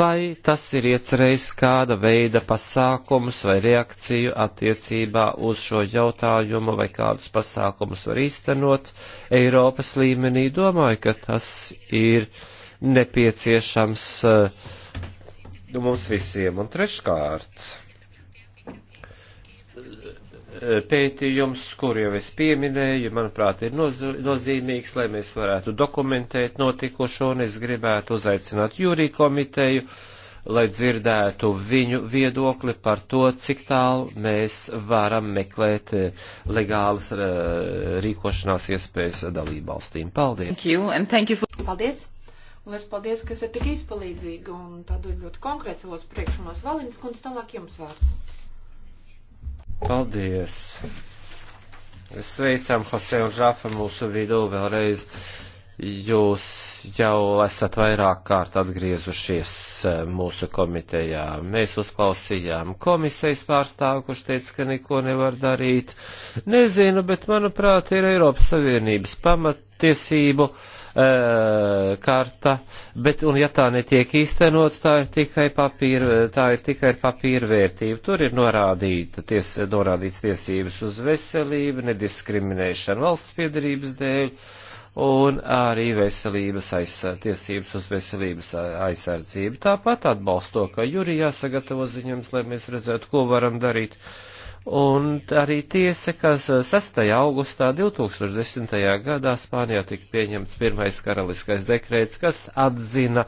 Speaker 1: vai tas ir iecerējis kāda veida pasākumus vai reakciju attiecībā uz šo jautājumu, vai kādus pasākumus var īstenot Eiropas līmenī. Domāju, ka tas ir nepieciešams eh, nu, mums visiem. Un treškārt pētījums, kur jau es pieminēju, manuprāt, ir noz nozīmīgs, lai mēs varētu dokumentēt notikušo, un es gribētu uzaicināt jūrī komiteju, lai dzirdētu viņu viedokli par to, cik tālu mēs varam meklēt eh, legālas eh, rīkošanās iespējas dalībvalstīm. Paldies! Thank
Speaker 2: you, and thank you for... Paldies! Un es paldies, kas ir tik izpalīdzīgi un tādēļ ļoti konkrēts savos priekšumos. Valinis kundze, tālāk jums vārds.
Speaker 1: Paldies! Sveicam, Hosē un Žafa, mūsu vidū vēlreiz. Jūs jau esat vairāk kārt atgriezušies eh, mūsu komitejā. Mēs uzklausījām komisijas pārstāvu, kurš teica, ka neko nevar darīt. Nezinu, bet manuprāt ir Eiropas Savienības pamattiesību uh, karta, bet, un ja tā netiek īstenots, tā ir tikai papīra, tā ir tikai papīra vērtība. Tur ir norādīta, ties, norādīts tiesības uz veselību, nediskriminēšana valsts piedarības dēļ, un arī veselības aizsardz, tiesības uz veselības aizsardzību. Tāpat atbalsto, ka jūri jāsagatavo ziņojums, lai mēs redzētu, ko varam darīt. Uh, Un arī tiesa, kas 6. Eh, augustā 2010. gadā Spānijā tika pieņemts pirmais karaliskais dekrēts, kas atzina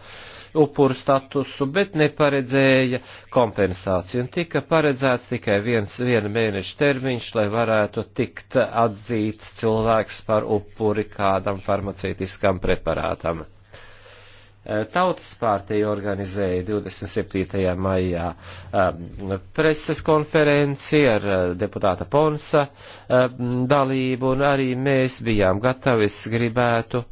Speaker 1: upuru statusu, bet neparedzēja kompensāciju. Un tika paredzēts tikai viens viena mēneša termiņš, lai varētu tikt atzīts cilvēks par upuri kādam farmaceitiskam preparātam. Eh, Tautas pārtīja organizēja 27. maijā um, preses konferenci ar eh, deputāta Ponsa um, dalību, un arī mēs bijām gatavi, es gribētu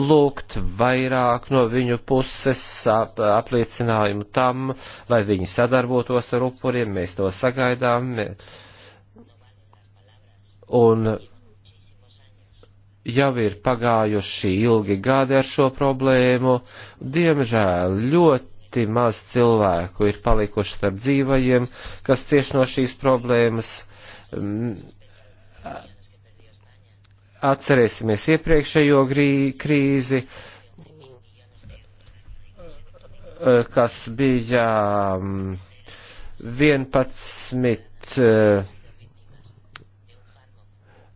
Speaker 1: lūgt vairāk no viņu puses ap, apliecinājumu tam, lai viņi sadarbotos ar upuriem, mēs to sagaidām. Un jau ir pagājuši ilgi gadi ar šo problēmu. Diemžēl ļoti maz cilvēku ir palikuši starp dzīvajiem, kas cieš no šīs problēmas. Mm, Atcerēsimies iepriekšējo krīzi, eh, kas bija 11 mm,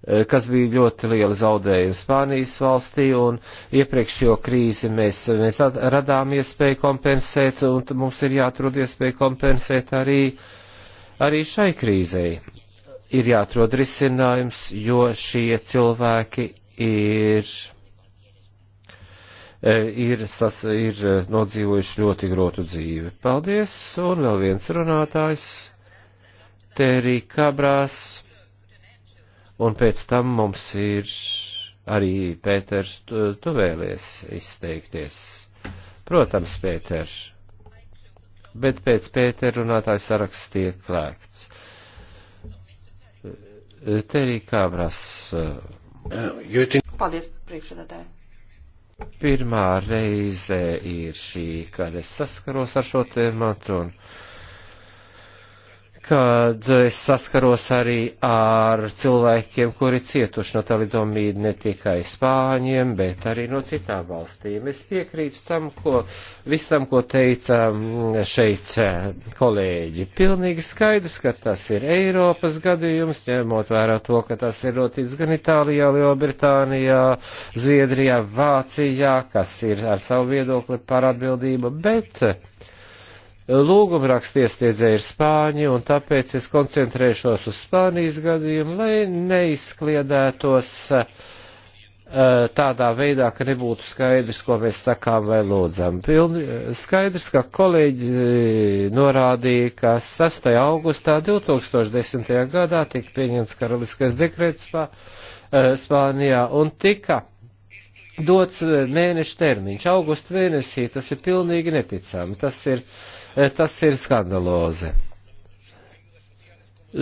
Speaker 1: Eh, kas bija ļoti liela zaudējuma Spānijas valstī, un iepriekšējo krīzi mēs, mēs radām iespēju kompensēt, un mums ir jāatrod iespēju kompensēt arī, arī šai krīzei. Ir jāatrod risinājums, jo šie cilvēki ir, eh, ir, sas, ir eh, nodzīvojuši ļoti grotu dzīvi. Paldies, un vēl viens runātājs, Terī Kabrās. Un pēc tam mums ir arī Pēters, tu, tu vēlies izteikties. Protams, Pēters. Bet pēc Pētera runātājs saraksts tiek klēgts. Terī Kābras.
Speaker 2: Paldies, priekšsēdētāji.
Speaker 1: Pirmā reize ir šī, kad es saskaros ar šo tēmatu un kad es saskaros arī ar cilvēkiem, kuri cietuši no talidomīda ne tikai Spāņiem, bet arī no citām valstīm. Es piekrītu tam, ko visam, ko teica mm, šeit eh, kolēģi. Pilnīgi skaidrs, ka tas ir Eiropas gadījums, ņemot vērā to, ka tas ir noticis gan Itālijā, Lielbritānijā, Zviedrijā, Vācijā, kas ir ar savu viedokli par atbildību, bet lūgumraksta iestiedzēja ir Spāņi, un tāpēc es koncentrēšos uz Spānijas gadījumu, lai neizkliedētos eh, tādā veidā, ka nebūtu skaidrs, ko mēs sakām vai lūdzam. Pilni, eh, skaidrs, ka kolēģi eh, norādīja, ka 6. augustā 2010. gadā tika pieņemts karaliskais dekrets Spā, Spānijā un tika dots mēneša termiņš. Augusta mēnesī tas ir pilnīgi neticami. Tas ir uh, Eh, tas ir skandalozi.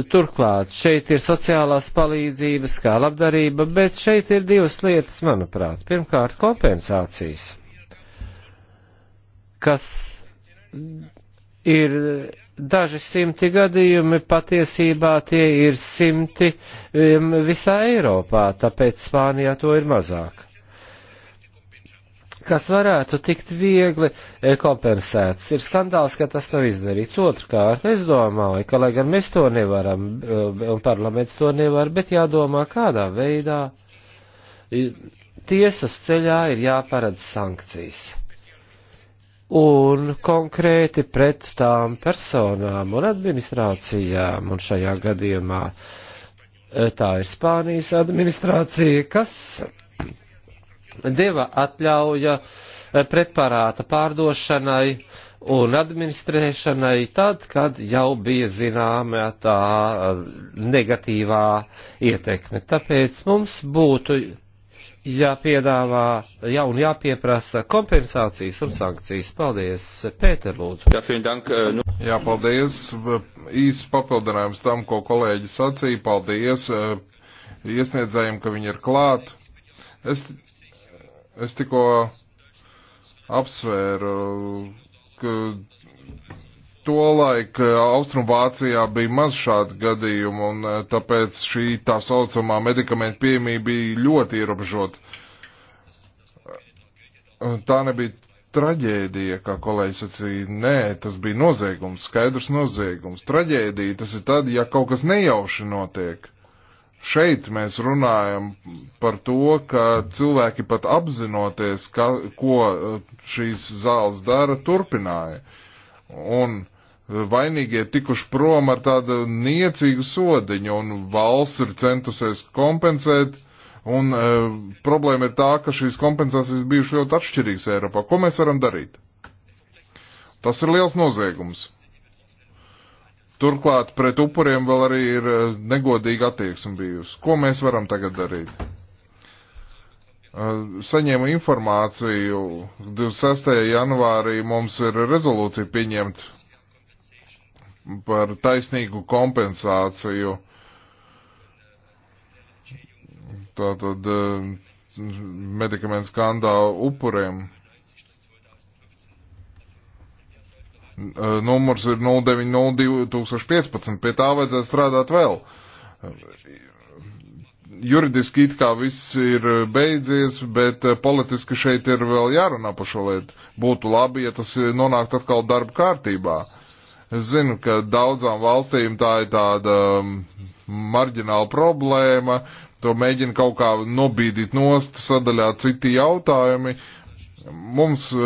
Speaker 1: Turklāt šeit ir sociālās palīdzības, kā labdarība, bet šeit ir divas lietas, manuprāt. Pirmkārt, kompensācijas, kas ir daži simti gadījumi, patiesībā tie ir simti visā Eiropā, tāpēc Spānijā to ir mazāk kas varētu tikt viegli e, kompensēts. Ir skandāls, ka tas nav izdarīts. Otrkārt, es domāju, ka, lai gan mēs to nevaram, e, un parlaments to nevar, bet jādomā, kādā veidā tiesas ceļā ir jāparedz sankcijas. Un konkrēti pret tām personām un administrācijām, un šajā gadījumā e, tā ir Spānijas administrācija, kas deva atļauja e, preparāta pārdošanai un administrēšanai tad, kad jau bija zināma tā e, negatīvā ietekme. Tāpēc mums būtu jāpiedāvā jā, un jāpieprasa kompensācijas un sankcijas. Paldies,
Speaker 3: Pēter, lūdzu. Jā, e, nu- paldies. Īsts papildinājums tam, ko kolēģi sacīja. Paldies iesniedzējiem, ka viņi ir klāt. Es Es tikko apsvēru, ka tolaik eh, Austrumvācijā bija maz šādu gadījumu, un eh, tāpēc šī tā saucamā medikamentu piemība bija ļoti ierobežota. Eh, tā nebija traģēdija, kā kolēģis sacīja, nē, tas bija noziegums, skaidrs noziegums. Traģēdija tas ir tad, ja kaut kas nejauši notiek. Uh, Šeit mēs runājam par to, ka cilvēki pat apzinoties, ka, ko eh, šīs zāles dara, turpināja. Un vainīgie tikuši prom ar tādu niecīgu sodiņu, un valsts ir centusies kompensēt, un e, problēma ir tā, ka šīs kompensācijas bijušas ļoti atšķirīgas Eiropā. Ko mēs varam darīt? Tas ir liels noziegums. Turklāt pret upuriem vēl arī ir eh, negodīga attieksme bijusi. Ko mēs varam tagad darīt? Eh, saņēmu informāciju, 26. janvārī mums ir rezolūcija pieņemt par taisnīgu kompensāciju. Tātad eh, medikamentu skandālu upuriem. numurs ir 090215, pie tā vajadzētu strādāt vēl. Juridiski it kā viss ir beidzies, bet politiski šeit ir vēl jārunā par šo lietu. Būtu labi, ja tas nonākt atkal darba kārtībā. Es zinu, ka daudzām valstīm tā ir tāda marģināla problēma, to mēģina kaut kā nobīdīt nost sadaļā citi jautājumi, uh, Mums e,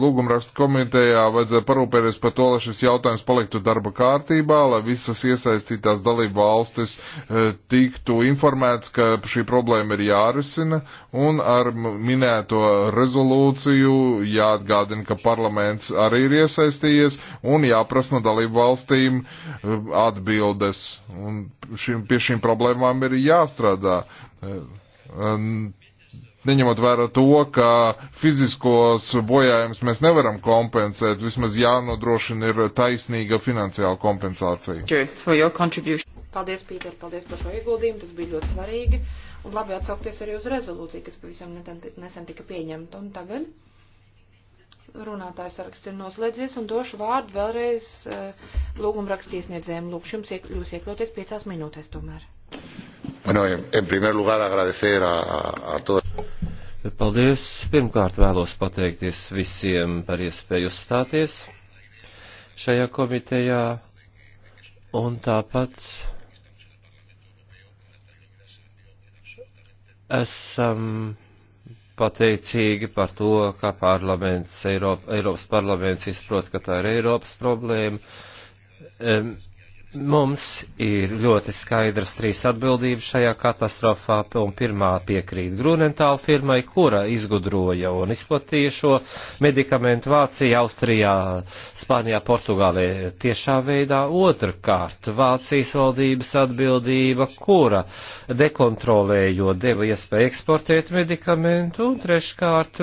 Speaker 3: lūgumrakstu komitejā vajadzēja parūpēties par to, lai šis jautājums paliktu darba kārtībā, lai visas iesaistītās dalību valstis e, tiktu informēts, ka šī problēma ir jārisina, un ar minēto rezolūciju jāatgādina, ka parlaments arī ir iesaistījies, un jāprasa no dalību valstīm e, atbildes, un šim, pie šīm problēmām ir jāstrādā neņemot vērā to, ka fiziskos bojājumus mēs nevaram kompensēt, vismaz jānodrošina ir taisnīga finansiāla kompensācija.
Speaker 2: Paldies, Pīter, paldies par šo ieguldījumu, tas bija ļoti svarīgi. Un labi atsaukties arī uz rezolūciju, kas pavisam nesen tika pieņemta. Un tagad runātājs saraksts ir noslēdzies un došu vārdu vēlreiz eh, lūgumrakstiesniedzējiem. Lūkšu jums iek, jūs iekļauties piecās minūtēs tomēr.
Speaker 1: Bueno, en primer lugar, agradecer a, a, a todos. Paldies. Pirmkārt vēlos pateikties visiem par iespēju uzstāties šajā komitejā un tāpat esam pateicīgi par to, ka parlaments, Eiropa, Eiropas parlaments izprot, ka tā ir Eiropas problēma. Um, Mums ir ļoti skaidras trīs atbildības šajā katastrofā, un pirmā piekrīt Grunentāla firmai, kura izgudroja un izplatīja šo medikamentu Vācijā, Austrijā, Spānijā, Portugālē tiešā veidā. Otrkārt, Vācijas valdības atbildība, kura dekontrolējot deva iespēju eksportēt medikamentu, un treškārt,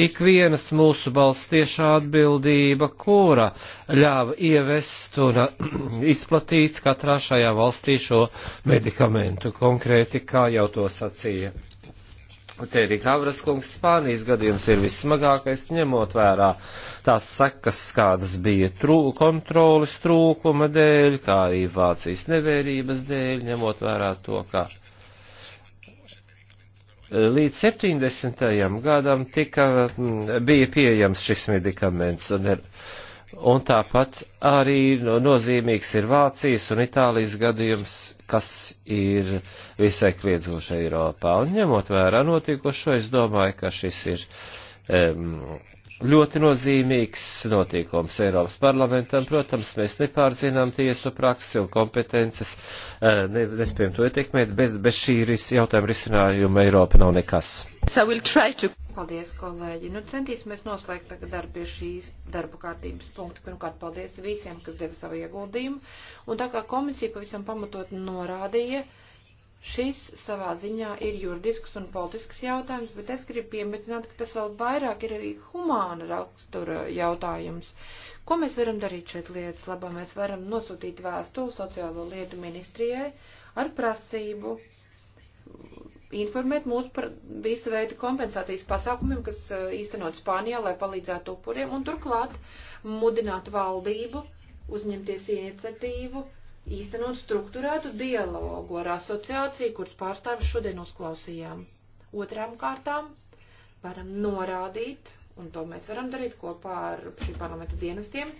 Speaker 1: ikvienas mūsu balsts tiešā atbildība, kura ļāva ievest un izplatīt izplatīts katrā šajā valstī šo medikamentu. Konkrēti, kā jau to sacīja Tērija Havras kungs, Spānijas gadījums ir vissmagākais, ņemot vērā tās sekas, kādas bija trū, kontrolas trūkuma dēļ, kā arī Vācijas nevērības dēļ, ņemot vērā to, ka līdz 70. gadam tika, bija pieejams šis medikaments. Un, Un tāpat arī nozīmīgs ir Vācijas un Itālijas gadījums, kas ir visai kliedzoši Eiropā. Un ņemot vērā notikušo, es domāju, ka šis ir um, ļoti nozīmīgs notiekums Eiropas parlamentam. Protams, mēs nepārzinām tiesu praksi un kompetences, eh, ne, nespējam to ietekmēt, bez, bez šī ris, jautājuma risinājuma Eiropa nav nekas. So
Speaker 2: we'll to... Paldies, kolēģi. Nu, centīsimies noslēgt tagad darbu pie šīs darba kārtības punkta. Pirmkārt, paldies visiem, kas deva savu ieguldījumu. Un tā kā komisija pavisam pamatot norādīja, uh, Šis savā ziņā ir juridisks un politisks jautājums, bet es gribu piemetināt, ka tas vēl vairāk ir arī humāna rakstura jautājums. Ko mēs varam darīt šeit lietas labā? Mēs varam nosūtīt vēstuli sociālo lietu ministrijai ar prasību informēt mūs par visu veidu kompensācijas pasākumiem, kas uh, īstenot Spānijā, lai palīdzētu upuriem, un turklāt mudināt valdību uzņemties iniciatīvu īstenot struktūrētu dialogu ar asociāciju, kuras pārstāvis šodien uzklausījām. Otrām kārtām varam norādīt, un to mēs varam darīt kopā ar šī parlamenta dienestiem,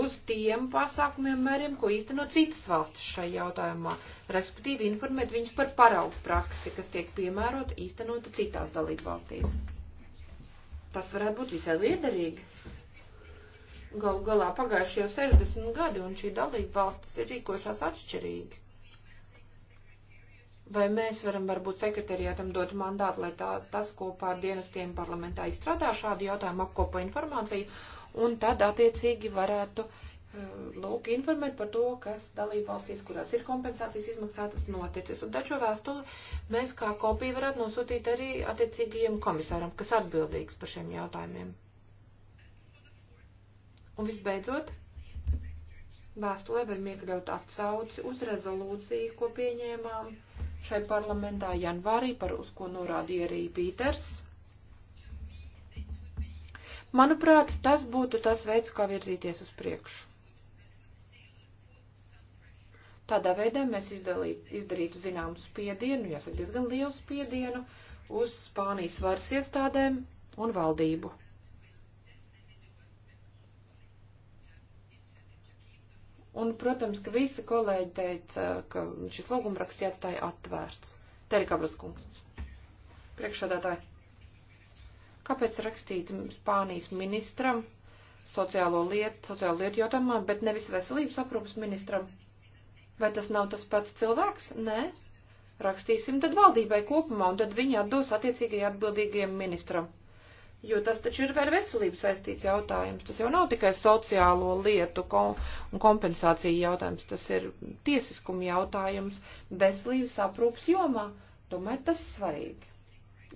Speaker 2: uz tiem pasākumiem mēriem, ko īsteno citas valstis šai jautājumā, respektīvi informēt viņus par paraugu praksi, kas tiek piemērota īstenota citās dalību valstīs. Tas varētu būt visai liederīgi Gal galā pagājuši jau 60 gadi, un šī dalība valstis ir rīkošās atšķirīgi. Vai mēs varam varbūt sekretariātam dot mandātu, lai tā, tas kopā ar dienestiem parlamentā izstrādā šādu jautājumu, apkopo informāciju, un tad attiecīgi varētu eh, lūk informēt par to, kas dalība valstīs, kurās ir kompensācijas izmaksātas, noticis. Un taču vēstuli mēs kā kopiju varētu nosūtīt arī attiecīgajiem komisāram, kas atbildīgs par šiem jautājumiem. Un visbeidzot, vēstulē varam iekļaut atsauci uz rezolūciju, ko pieņēmām šai parlamentā janvārī, par uz ko norādīja arī Pīters. Manuprāt, tas būtu tas veids, kā virzīties uz priekšu. Tādā veidā mēs izdalīt, izdarītu zināmu spiedienu, jāsaka diezgan lielu spiedienu, uz Spānijas varas iestādēm un valdību. Un, protams, ka visi kolēģi teica, ka šis lūgumraksts jāatstāja atvērts. Te ir kabras kungs. Priekšādātāji. Kāpēc rakstīt Spānijas ministram sociālo lietu, sociālo lietu jautājumā, bet nevis veselības aprūpas ministram? Vai tas nav tas pats cilvēks? Nē. Rakstīsim tad valdībai kopumā, un tad viņi atdos attiecīgajai atbildīgajam ministram. Jo tas taču ir ar veselību saistīts jautājums. Tas jau nav tikai sociālo lietu kom un kompensāciju jautājums, tas ir tiesiskuma jautājums veselības aprūpas jomā. Tomēr tas ir svarīgi.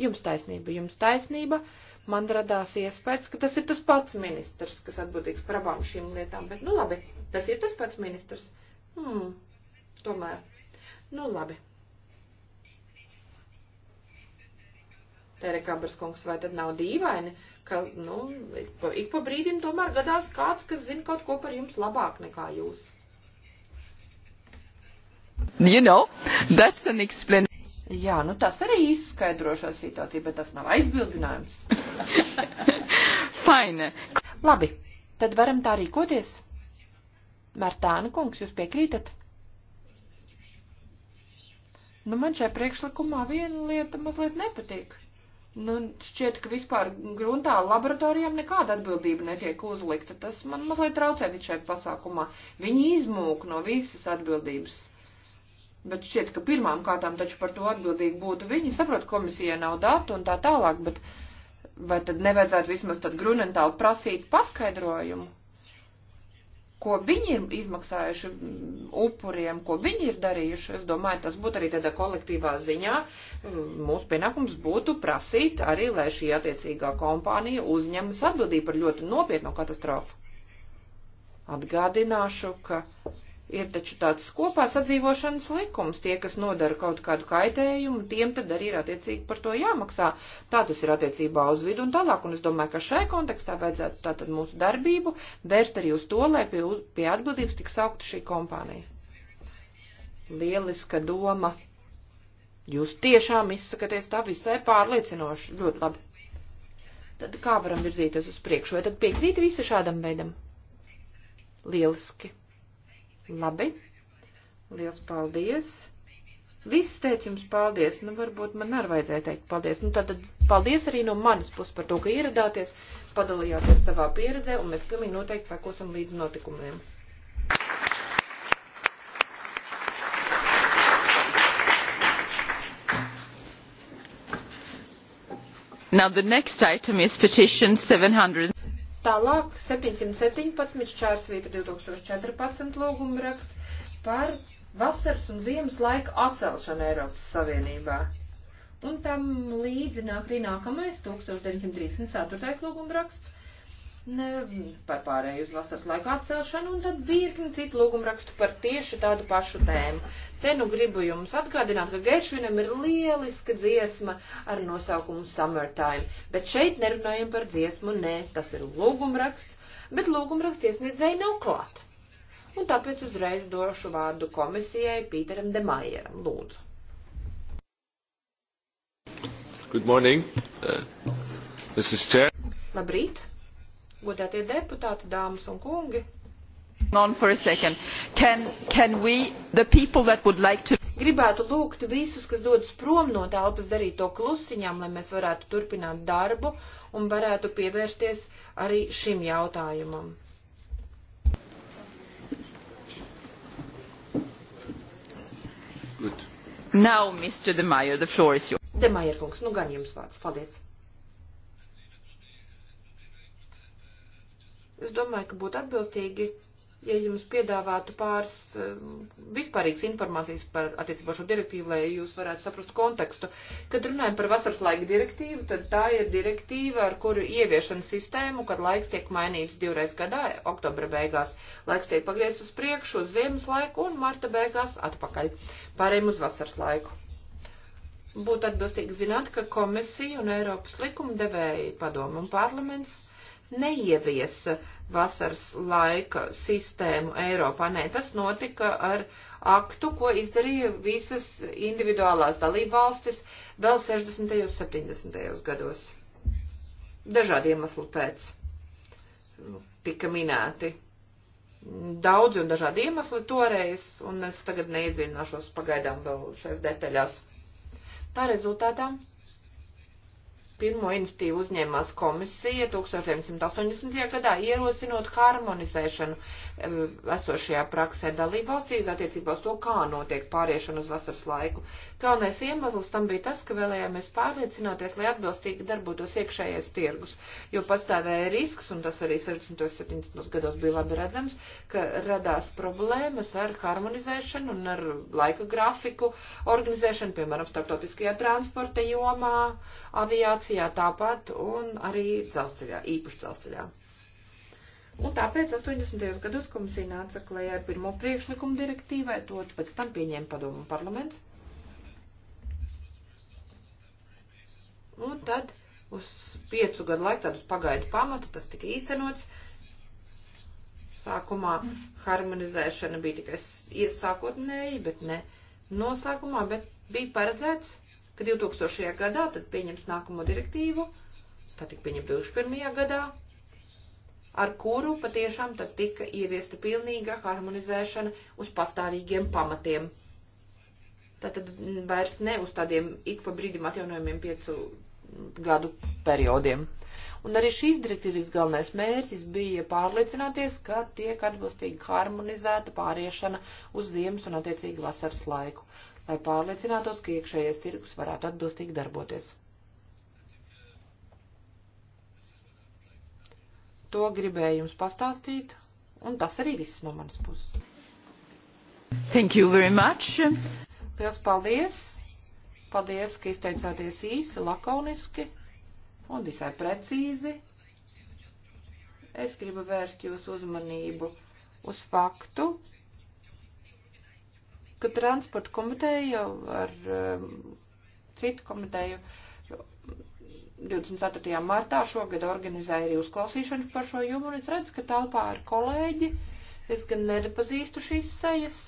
Speaker 2: Jums taisnība, jums taisnība. Man radās iespējas, ka tas ir tas pats ministrs, kas atbildīgs par abām šīm lietām, bet nu labi, tas ir tas pats ministrs. Hmm, tomēr. Nu labi. Terekabras kungs, vai tad nav dīvaini, ka, nu, ik pa, ik pa brīdim tomēr gadās kāds, kas zina kaut ko par jums labāk nekā jūs? You know, that's an explanation. Jā, nu tas arī izskaidro šo situāciju, bet tas nav aizbildinājums. Fine. Labi, tad varam tā rīkoties. Martāna kungs, jūs piekrītat? Nu, man šajā priekšlikumā viena lieta mazliet nepatīk. Nu, šķiet, ka vispār gruntā laboratorijām nekāda atbildība netiek uzlikta. Tas man mazliet traucē šajā pasākumā. Viņi izmūk no visas atbildības. Bet šķiet, ka pirmām kārtām taču par to atbildīgi būtu viņi. Saprot, komisijai nav datu un tā tālāk, bet vai tad nevajadzētu vismaz tad grunentāli prasīt paskaidrojumu? ko viņi ir izmaksājuši mm, upuriem, ko viņi ir darījuši. Es domāju, tas būtu arī tādā kolektīvā ziņā. Mm, mūsu pienākums būtu prasīt arī, lai šī attiecīgā kompānija uzņemas atbildību par ļoti nopietnu katastrofu. Atgādināšu, ka Ir taču tāds kopā sadzīvošanas likums. Tie, kas nodara kaut kādu kaitējumu, tiem tad arī ir attiecīgi par to jāmaksā. Tā tas ir attiecībā uz vidu un tālāk. Un es domāju, ka šai kontekstā vajadzētu tātad mūsu darbību vērst arī uz to, lai pie, pie atbildības tik sauktu šī kompānija. Lieliska doma. Jūs tiešām izsakaties tā visai pārliecinoši. Ļoti labi. Tad kā varam virzīties uz priekšu? Vai tad piekrīt visi šādam veidam? Lieliski. Labi. Liels paldies. Viss teica jums paldies. Nu, varbūt man arī vajadzēja teikt paldies. Nu, tātad paldies arī no manas puses par to, ka ieradāties, padalījāties savā pieredzē, un mēs pilnīgi noteikti sakosim līdz notikumiem. Now the next item is petition 700. Tālāk 717 šķērsvīta 2014 lūguma raksts par vasaras un ziemas laika atcelšanu Eiropas Savienībā. Un tam līdzi nāk arī nākamais 1934. lūguma raksts ne, par pārēju uz vasaras laiku atcelšanu un tad virkni citu lūgumrakstu par tieši tādu pašu tēmu. Te nu gribu jums atgādināt, ka Geršvinam ir lieliska dziesma ar nosaukumu Summertime, bet šeit nerunājam par dziesmu, nē, tas ir lūgumraksts, bet lūgumraksts iesniedzēji nav klāt. Un tāpēc uzreiz došu vārdu komisijai Pīteram Demajeram, lūdzu.
Speaker 3: Good morning, uh, Mrs. Chair.
Speaker 2: Labrīt godātie deputāti, dāmas un kungi. On for a second. Can, can we, the people that would like to gribētu lūgt visus, kas dodas prom no telpas, darīt to klusiņām, lai mēs varētu turpināt darbu un varētu pievērsties arī šim jautājumam. Good. Now, Mr. Demajer, the floor is yours. Demajer kungs, nu gan jums vārds. Paldies. Es domāju, ka būtu atbilstīgi, ja jums piedāvātu pāris eh, vispārīgas informācijas par attiecībā šo direktīvu, lai jūs varētu saprast kontekstu. Kad runājam par vasaras laika direktīvu, tad tā ir direktīva, ar kuru ieviešana sistēmu, kad laiks tiek mainīts divreiz gadā, oktobra beigās laiks tiek pagriezts uz priekšu, uz ziemas laiku un marta beigās atpakaļ. Pārējiem uz vasaras laiku būtu atbilstīgi zināt, ka komisija un Eiropas likuma devēja padomu un parlaments neieviesa vasaras laika sistēmu Eiropā. Nē, tas notika ar aktu, ko izdarīja visas individuālās dalībvalstis vēl 60. un 70. gados. Dažādi iemesli pēc tika minēti. Daudzi un dažādi iemesli toreiz, un es tagad neiedzināšos pagaidām vēl šais detaļās. Tā rezultātā Pirmo iniciatīvu uzņēmās komisija 1980. gadā, ierosinot harmonizēšanu Eh, esošajā praksē dalību valstīs attiecībā uz to, kā notiek pāriešana uz vasaras laiku. Galvenais iemesls tam bija tas, ka vēlējāmies pārliecināties, lai atbilstīgi darbotos iekšējais tirgus, jo pastāvēja risks, un tas arī 60. un 70. gados bija labi redzams, ka radās problēmas ar harmonizēšanu un ar laika grafiku organizēšanu, piemēram, starptautiskajā transporta jomā, aviācijā tāpat un arī dzelzceļā, īpaši dzelzceļā. Un tāpēc 80. gados komisija nāca klējā ar pirmo priekšlikumu direktīvai, to pēc tam pieņēma padomu parlaments. Un tad uz piecu gadu laiku tādus pagaidu pamatu tas tika īstenots. Sākumā harmonizēšana bija tikai iesākotnēji, bet ne noslēgumā, bet bija paredzēts, ka 2000. gadā tad pieņems nākamo direktīvu, tā tika pieņemta 2001. gadā, ar kuru patiešām tad tika ieviesta pilnīga harmonizēšana uz pastāvīgiem pamatiem. Tātad vairs ne uz tādiem ik pa brīdim atjaunojumiem piecu gadu periodiem. Un arī šīs direktīvas galvenais mērķis bija pārliecināties, ka tiek atbilstīgi harmonizēta pāriešana uz ziemas un attiecīgi vasaras laiku, lai pārliecinātos, ka iekšējais tirgus varētu atbilstīgi darboties. To gribēju jums pastāstīt, un tas arī viss no manas puses. Thank you very much. Liels paldies! Paldies, ka izteicāties īsi, lakoniski un visai precīzi. Es gribu vērst jūsu uzmanību uz faktu, ka transporta komiteja ar um, citu komiteju uh, 24. Mm, martā šogad organizēja arī uzklausīšanu par šo jumu, un es redzu, ka telpā ir kolēģi. Es gan nepazīstu šīs sejas.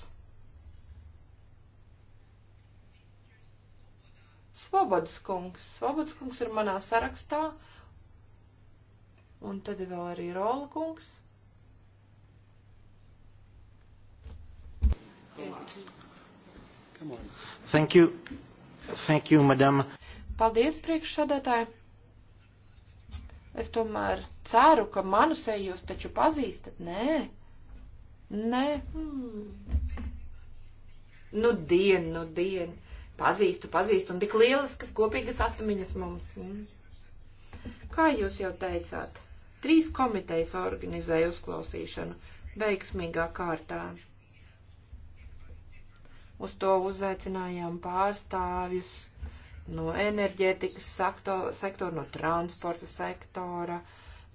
Speaker 2: Svobodas kungs. Svobodas kungs ir manā sarakstā. Un tad vēl arī Rola kungs.
Speaker 3: Thank you. Thank you, madam.
Speaker 2: Paldies, priekšsādātāji! Es tomēr ceru, ka manu seju jūs taču pazīstat. Nē, nē. Hmm. Nu, dien, nu, dien. Pazīstu, pazīstu, un tik lieliskas kopīgas atmiņas mums. Hmm. Kā jūs jau teicāt, trīs komitejas organizēja uzklausīšanu veiksmīgā kārtā. Uz to uzaicinājām pārstāvjus no enerģētikas sektora, no transporta sektora,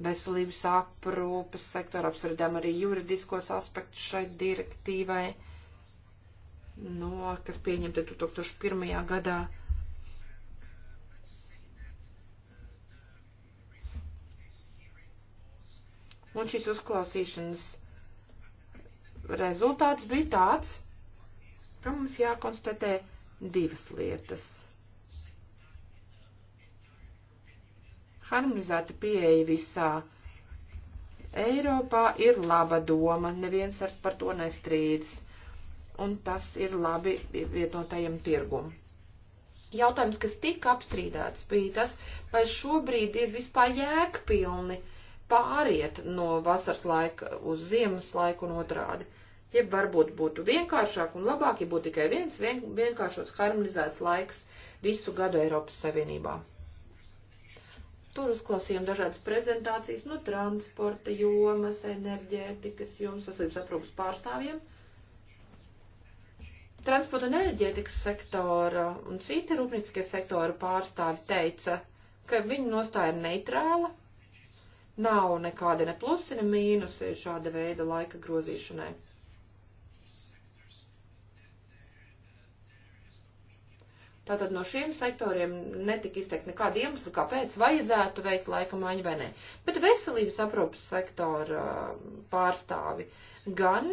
Speaker 2: veselības aprūpes sektora, apsverdām arī juridiskos aspektus šai direktīvai, no, kas pieņemta 2001. gadā. Un šīs uzklausīšanas rezultāts bija tāds, ka mums jākonstatē divas lietas. Harmonizēta pieeja visā Eiropā ir laba doma, neviens ar par to nestrīdas, un tas ir labi vietnotajam tirgum. Jautājums, kas tika apstrīdēts, bija tas, vai šobrīd ir vispār jēgpilni pāriet no vasaras laika uz ziemas laiku un otrādi. Ja varbūt būtu vienkāršāk un labāk, ja būtu tikai viens vien, vienkāršots harmonizēts laiks visu gadu Eiropas Savienībā. Tur uzklausījām dažādas prezentācijas no nu, transporta jomas, enerģētikas jomas, veselības aprūpas pārstāvjiem. Transporta un enerģētikas sektora un citi rūpnieciskie sektora pārstāvi teica, ka viņa nostāja ir neitrāla, nav nekādi ne plusi, ne mīnusi šāda veida laika grozīšanai. Tātad no šiem sektoriem netika izteikt nekāda iemesla, kāpēc vajadzētu veikt laika maiņu vai nē. Bet veselības aprūpas sektora um, pārstāvi gan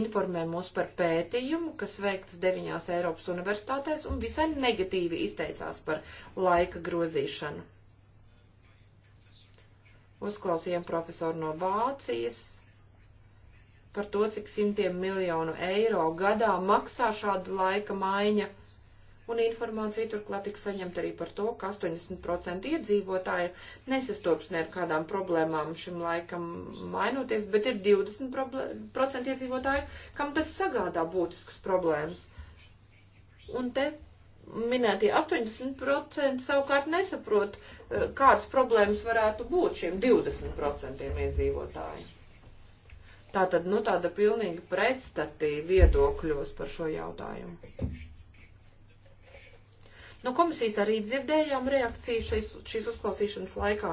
Speaker 2: informē mūs par pētījumu, kas veikts deviņās Eiropas universitātēs un visai negatīvi izteicās par laika grozīšanu. Uzklausījām profesoru no Vācijas par to, cik simtiem miljonu eiro gadā maksā šāda laika maiņa un informācija turklāt tiks saņemta arī par to, ka 80% iedzīvotāju nesastops ne ar kādām problēmām šim laikam mainoties, bet ir 20% iedzīvotāju, kam tas sagādā būtiskas problēmas. Un te minētie 80% savukārt nesaprot, eh, kādas problēmas varētu būt šiem 20% iedzīvotāji. Tā tad, nu, tāda pilnīga pretstatī viedokļos par šo jautājumu. No komisijas arī dzirdējām reakciju šīs, šīs uzklausīšanas laikā.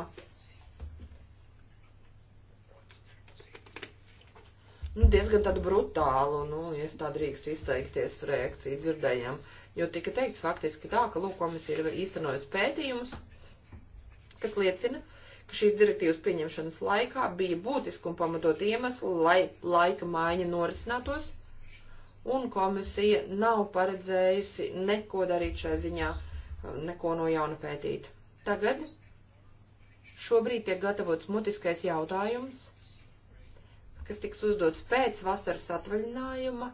Speaker 2: Nu, diezgan tādu brutālu, nu, ja tā drīkst izteikties, reakciju dzirdējām. Jo tika teikts faktiski tā, ka, lūk, komisija ir īstenojusi pētījumus, kas liecina, ka šīs direktīvas pieņemšanas laikā bija būtiski un pamatot iemesli, lai laika maiņa norisinātos. Uh, un komisija nav paredzējusi neko darīt šai ziņā, neko no jauna pētīt. Tagad šobrīd tiek gatavots mutiskais jautājums, kas tiks uzdots pēc vasaras atvaļinājuma.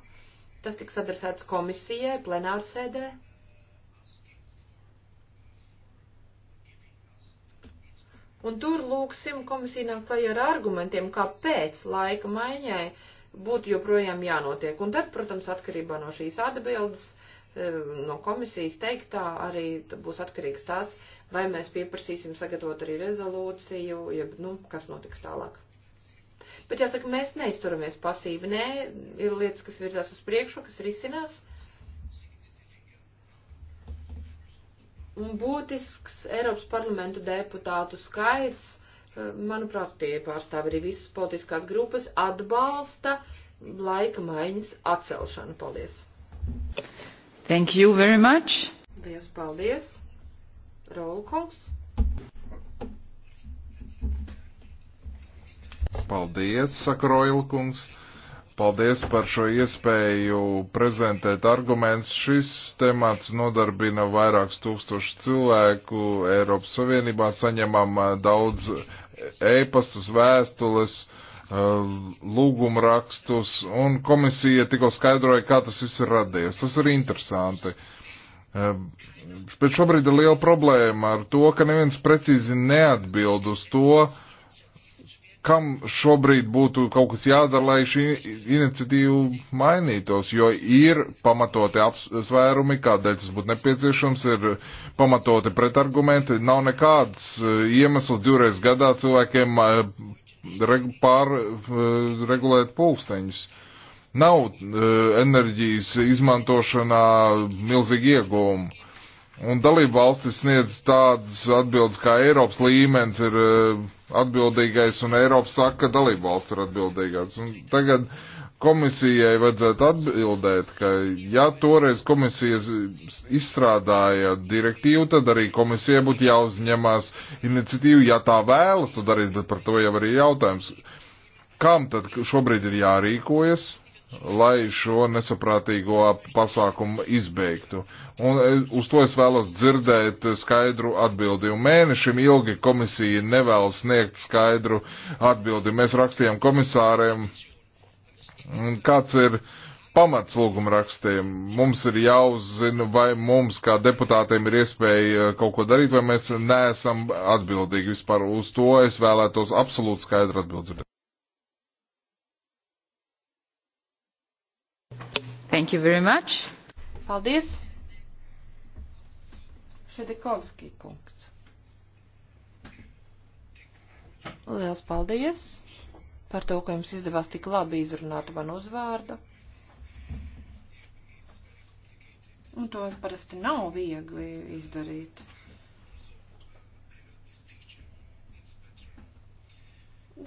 Speaker 2: Tas tiks adresēts komisijai, plenārsēdē. Un tur lūksim komisiju nāk klajā ar argumentiem, kāpēc laika maiņai uh, būtu joprojām jānotiek. Un tad, protams, atkarībā no šīs atbildes, eh, no komisijas teiktā arī būs atkarīgs tās, vai mēs pieprasīsim sagatavot arī rezolūciju, ja, nu, kas notiks tālāk. Bet jāsaka, mēs neizturamies pasīvi. Nē, ir lietas, kas virzās uz priekšu, kas risinās. Un būtisks Eiropas parlamentu deputātu skaits manuprāt, tie pārstāv arī visas politiskās grupas, atbalsta laika maiņas atcelšanu. Paldies! Thank you very much! Liels paldies! Rolkols!
Speaker 3: Paldies, saka Roilkungs! Paldies par šo iespēju prezentēt arguments. Šis temats nodarbina vairākus tūkstošus cilvēku Eiropas Savienībā, saņemam eh, daudz e-pastus, vēstules, um, lūgumrakstus, un komisija tikko skaidroja, kā tas viss ir radies. Tas ir interesanti. Um, bet šobrīd ir liela problēma ar to, ka neviens precīzi neatbild uz to, uh, kam šobrīd būtu kaut kas jādara, lai šī iniciatīva mainītos, jo ir pamatoti apsvērumi, kādēļ tas būtu nepieciešams, ir pamatoti pretargumenti, nav nekāds eh, iemesls divreiz gadā cilvēkiem eh, pārregulēt eh, pulksteņus. Nav enerģijas izmantošanā milzīgi iegūmi. Un dalību valstis sniedz tādas atbildes, kā Eiropas līmenis ir uh, atbildīgais un Eiropa saka, ka dalībvalsts ir atbildīgās. Un tagad komisijai vajadzētu atbildēt, ka ja toreiz komisija izstrādāja direktīvu, tad arī komisija būtu jāuzņemās iniciatīvu, ja tā vēlas to darīt, bet par to jau arī jautājums. Kam tad šobrīd ir jārīkojas? lai šo nesaprātīgo pasākumu izbeigtu. Un e, uz to es vēlos dzirdēt skaidru atbildi. Un mēnešim ilgi komisija nevēlas sniegt skaidru atbildi. Mēs rakstījām komisāriem, kāds ir pamats lūguma rakstiem. Mums ir jāuzzina, vai mums kā deputātiem ir iespēja e, kaut ko darīt, vai mēs neesam atbildīgi vispār. Uz to es vēlētos absolūti skaidru atbildi.
Speaker 2: Thank you very much. Paldies. Šedikovski kungs. Liels paldies par to, ka jums izdevās tik labi izrunāt man uzvārdu. Un to parasti nav viegli izdarīt.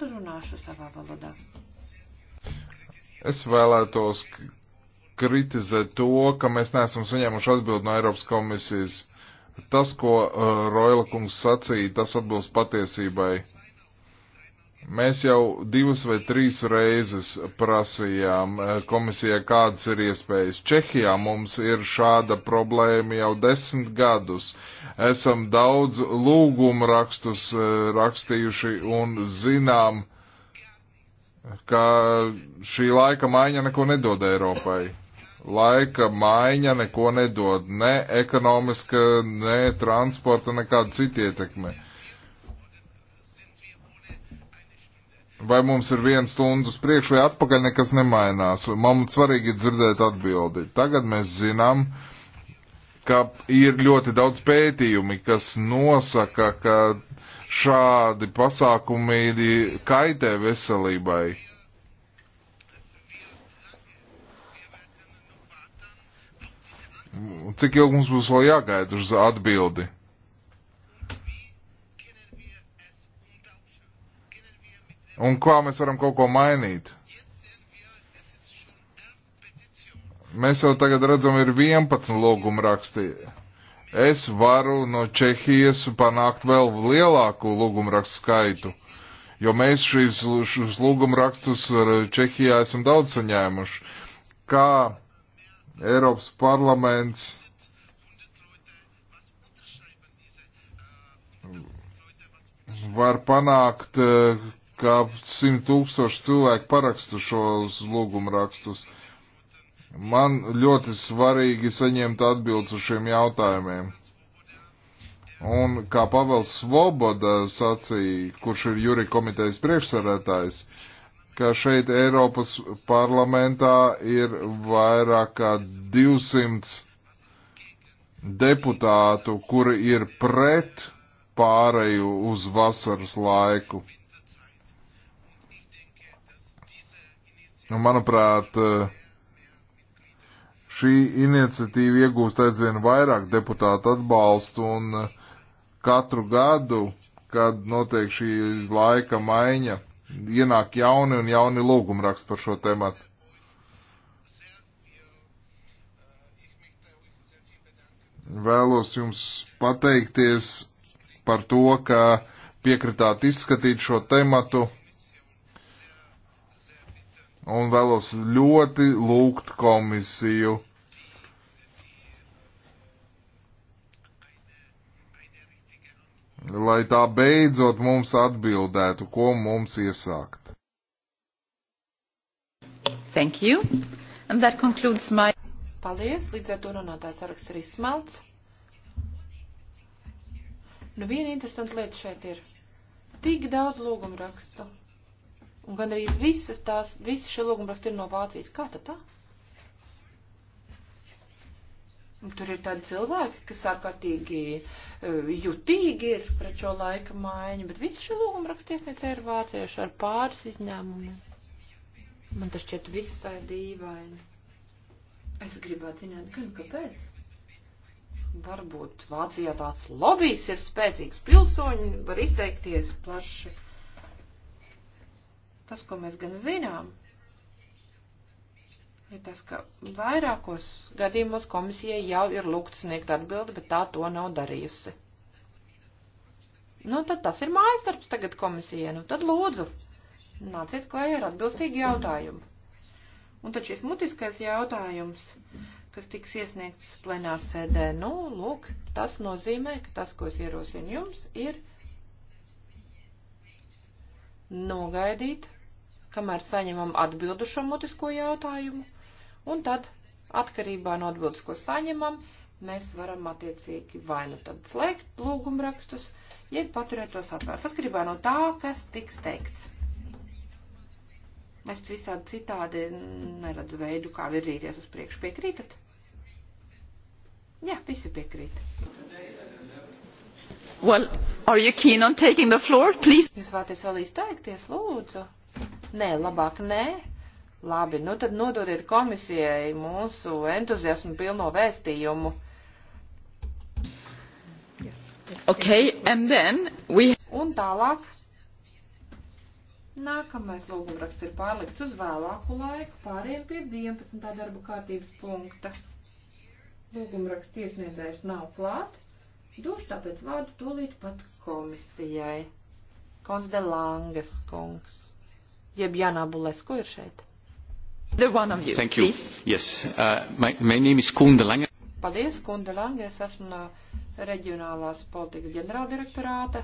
Speaker 2: Runāšu savā valodā.
Speaker 3: Es vēlētos kritizē to, ka mēs neesam saņēmuši atbildi no Eiropas komisijas. Tas, ko uh, Roila kungs sacīja, tas atbilst patiesībai. Mēs jau divas vai trīs reizes prasījām uh, komisijai, kādas ir iespējas. Čehijā mums ir šāda problēma jau desmit gadus. Esam daudz lūgumu rakstus uh, rakstījuši un zinām, ka šī laika maiņa neko nedod Eiropai laika maiņa neko nedod, ne ekonomiska, ne transporta, nekāda cita ietekme. Vai mums ir viena stunda uz priekšu vai atpakaļ, nekas nemainās. Man svarīgi dzirdēt atbildi. Tagad mēs zinām, ka ir ļoti daudz pētījumi, kas nosaka, ka šādi pasākumi kaitē veselībai Cik ilgi mums būs vēl jāgaida uz atbildi? Un kā mēs varam kaut ko mainīt? Mēs jau tagad redzam, ir 11 lūguma raksti. Es varu no Čehijas panākt vēl lielāku lūguma rakstu skaitu, jo mēs šīs, šīs lūguma rakstus Čehijā esam daudz saņēmuši. Kā Eiropas parlaments var panākt, eh, kā simt tūkstoši cilvēku parakstu šos lūgumrakstus. Man ļoti svarīgi saņemt atbildes uz šiem jautājumiem. Un kā Pavels Svoboda sacīja, kurš ir Juri komitejas priekšsarētājs, uh, ka šeit Eiropas parlamentā ir vairāk kā 200 deputātu, kuri ir pret pāreju uz vasaras laiku. Un, nu, manuprāt, šī iniciatīva iegūst aizvien vairāk deputātu atbalstu un katru gadu, kad notiek šī laika maiņa, ienāk jauni un jauni lūgumraksti par šo tēmatu. Vēlos jums pateikties par to, ka piekritāt izskatīt šo tematu un vēlos ļoti lūgt komisiju lai tā beidzot mums atbildētu, ko mums iesākt.
Speaker 2: Thank you. And that concludes my. Paldies, līdz ar to runātājs saraksts arī smelts. Nu, viena interesanta lieta šeit ir. Tik daudz lūgumu rakstu. Un gandrīz visas tās, visi šie lūgumu raksti ir no Vācijas. Kā tad tā? Tur ir tādi cilvēki, kas ārkārtīgi e, jutīgi ir pret šo laika maiņu, bet visi šie lūguma rakstiesniece ir vācieši ar pāris izņēmumiem. Man tas šķiet visai dīvaini. Es gribētu zināt, gan kāpēc. Varbūt Vācijā tāds lobijs ir spēcīgs pilsoņi, var izteikties plaši. Tas, ko mēs gan zinām, ir tas, ka vairākos gadījumos komisijai jau ir lūgts sniegt atbildi, bet tā to nav darījusi. Nu, tad tas ir mājas darbs tagad komisijai, nu tad lūdzu, nāciet klajā ar atbilstīgu jautājumu. Un tad šis mutiskais jautājums, kas tiks iesniegts plenās sēdē, nu, lūk, tas nozīmē, ka tas, ko es ierosinu jums, ir nogaidīt, kamēr saņemam atbildu šo mutisko jautājumu, un tad atkarībā no atbildes, ko saņemam, mēs varam attiecīgi vai nu tad slēgt lūgumrakstus, jeb paturēt tos atvērts, atkarībā no tā, kas tiks teikts. Es visādi citādi neredzu veidu, kā virzīties uz priekšu. Piekrītat? Jā, visi piekrīt. Well, are you keen on taking the floor, please? Jūs vēlaties vēl izteikties, lūdzu? Nē, labāk nē. Labi, nu tad nododiet komisijai mūsu entuziasmu pilno vēstījumu. Yes. Okay, and then we... Un tālāk. Nākamais lūgumraksts ir pārlikts uz vēlāku laiku, pāriem pie 11. darba kārtības punkta. Lūgumraksts iesniedzējs nav klāt, došu tāpēc vārdu tūlīt pat komisijai. Kons de Langes kungs. Jeb Janā Bulesko ir šeit. The one of you, Thank you. please.
Speaker 1: Yes, uh, my, my name is Kunda Lange.
Speaker 2: Paldies, Kunda Lange. Es esmu no reģionālās politikas ģenerāldirektorāta.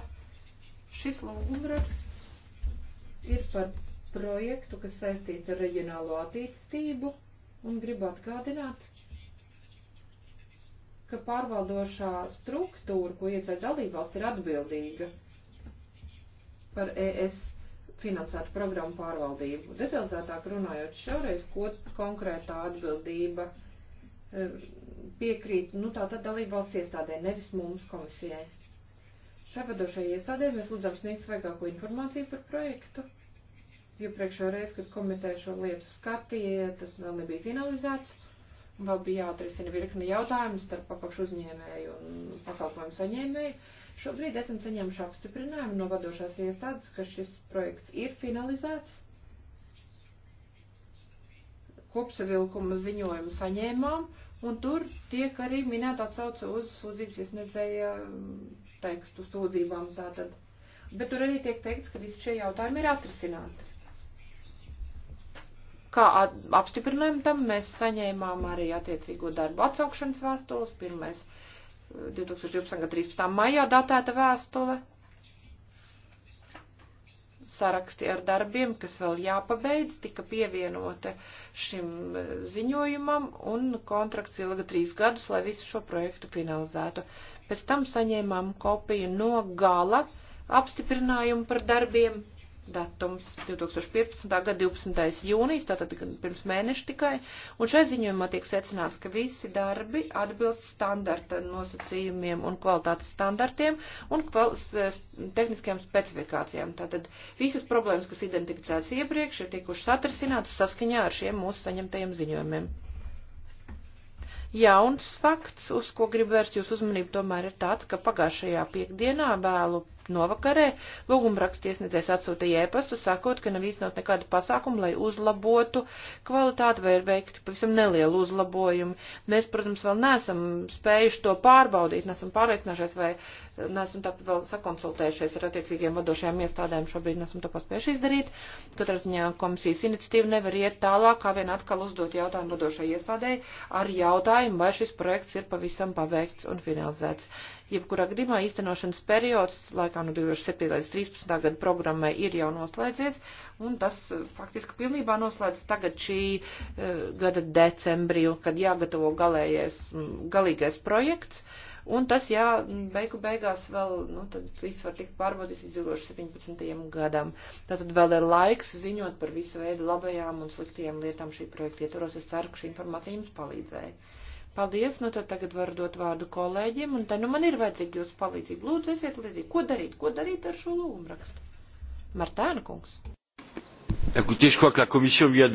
Speaker 2: Šis lūgumraksts ir par projektu, kas saistīts ar reģionālo attīstību un gribu atgādināt, ka pārvaldošā struktūra, ko ieceļ dalībvalsts, ir atbildīga par ES finansētu programmu pārvaldību. Detalizētāk runājot šoreiz, ko konkrētā atbildība eh, piekrīt, nu tā tad dalībvalsts iestādē, nevis mums komisijai. Ševadošai iestādē mēs lūdzam sniegt svaigāko informāciju par projektu. Iepriekšējā reiz, kad komiteja šo lietu skatīja, tas vēl nebija finalizēts. Vēl bija jāatrisina virkni jautājumu starp apakšu uzņēmēju un pakalpojumu saņēmēju Šobrīd esam saņēmuši apstiprinājumu no vadošās iestādes, ka šis projekts ir finalizēts. Kopsavilkuma ziņojumu saņēmām, un tur tiek arī minēta atsauce uz sūdzības iesniedzēja mm, tekstu sūdzībām tātad. Bet tur arī tiek teikts, ka visi šie jautājumi ir atrisināti. Kā apstiprinājumu tam mēs saņēmām arī attiecīgo darbu atsaukšanas vēstules. Pirmais 2012. gada 13. maijā datēta vēstule. Saraksti ar darbiem, kas vēl jāpabeidz, tika pievienota šim e, ziņojumam un kontrakts ilga trīs gadus, lai visu šo projektu finalizētu. Pēc tam saņēmām kopiju no gala apstiprinājumu par darbiem datums 2015. gada 12. jūnijas, tātad pirms mēneša tikai, un šai ziņojumā tiek secināts, ka visi darbi atbilst standarta nosacījumiem un kvalitātes standartiem un kval tehniskajām specifikācijām. Tātad visas problēmas, kas identificētas iepriekš, ir tikušas atrisinātas saskaņā ar šiem mūsu saņemtajiem ziņojumiem. Jauns fakts, uz ko gribu vērst jūsu uzmanību, tomēr ir tāds, ka pagājušajā piekdienā vēlu Novakarē lūgumrakstiesniedzējs atsūtīja ēpastu, sakot, ka nav īstenot nekādu pasākumu, lai uzlabotu kvalitāti vai ir veikti pavisam nelielu uzlabojumu. Mēs, protams, vēl neesam spējuši to pārbaudīt, neesam pārliecinājušies vai neesam tāpat vēl sakonsultējušies ar attiecīgiem vadošajām iestādēm. Šobrīd neesam to paspējuši izdarīt. Katrā ziņā komisijas iniciatīva nevar iet tālāk, kā vien atkal uzdot jautājumu vadošajai iestādēji ar jautājumu, vai šis projekts ir pavisam paveikts un finalizēts. Jebkurā gadījumā īstenošanas periods laikā no 2007. līdz 2013. gada programmai ir jau noslēdzies, un tas eh, faktiski pilnībā noslēdz tagad šī eh, gada decembrī, kad jāgatavo galējais, mm, galīgais projekts. Un tas, jā, mm, beigu beigās vēl, nu, tad viss var tikt pārbaudīts izdzīvošu 17. gadam. Tātad vēl ir laiks ziņot par visu veidu labajām un sliktajām lietām šī projekta ietvaros. Es ceru, ka šī informācija jums palīdzēja. Paldies, nu tad tagad varu dot vārdu kolēģiem, un te nu man ir vajadzīga jūsu palīdzība. Lūdzu, esiet līdzīgi. Ko darīt? Ko darīt ar šo lūgumrakstu? Martēna kungs.
Speaker 1: Écoutez, je crois que la commission lui a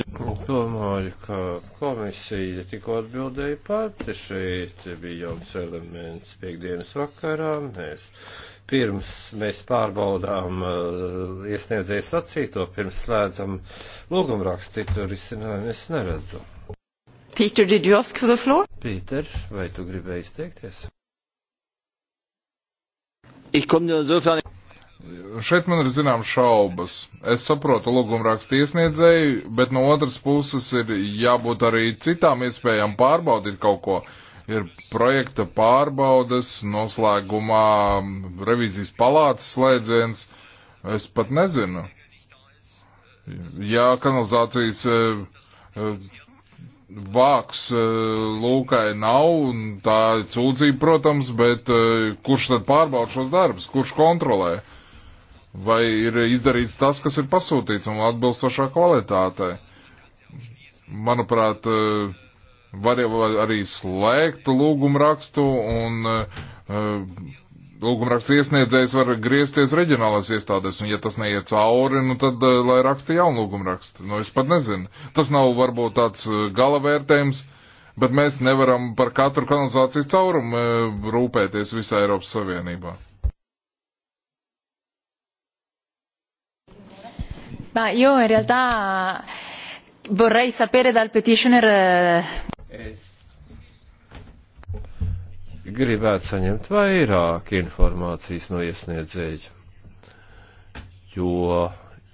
Speaker 1: Domāju, ka komisija tikko atbildēja pati šeit, bija jauns elements piekdienas vakarā. Mēs pirms mēs pārbaudām eh, iesniedzēju sacīto, pirms slēdzam lūgumrakstu, citu risinājumu es neredzu. Peter,
Speaker 2: did you ask for the
Speaker 1: floor?
Speaker 3: Peter, vai tu gribēji izteikties? Šeit man ir zināmas šaubas. Es saprotu lūgumu rakstu iesniedzēju, bet no otras puses ir jābūt arī citām iespējām pārbaudīt kaut ko. Ir projekta pārbaudas, noslēgumā revīzijas palātas slēdziens. Es pat nezinu. Ja kanalizācijas eh, eh, Vāks eh, lūkai nav, un tā ir sūdzība, protams, bet eh, kurš tad pārbauda šos darbus, kurš kontrolē? Vai ir izdarīts tas, kas ir pasūtīts un atbilstošā kvalitātei? Manuprāt, eh, var jau arī slēgt lūgumu rakstu un uh, lūgumraksta iesniedzējs var griezties reģionālās iestādēs, un ja tas neiet cauri, nu tad eh, lai raksta jaunu lūgumrakstu. Nu es pat nezinu. Tas nav varbūt tāds eh, gala vērtējums, bet mēs nevaram par katru kanalizācijas caurumu eh, rūpēties visā Eiropas Savienībā.
Speaker 2: Ma io in realtà vorrei sapere dal petitioner.
Speaker 1: Es gribētu saņemt vairāk informācijas no iesniedzēja, jo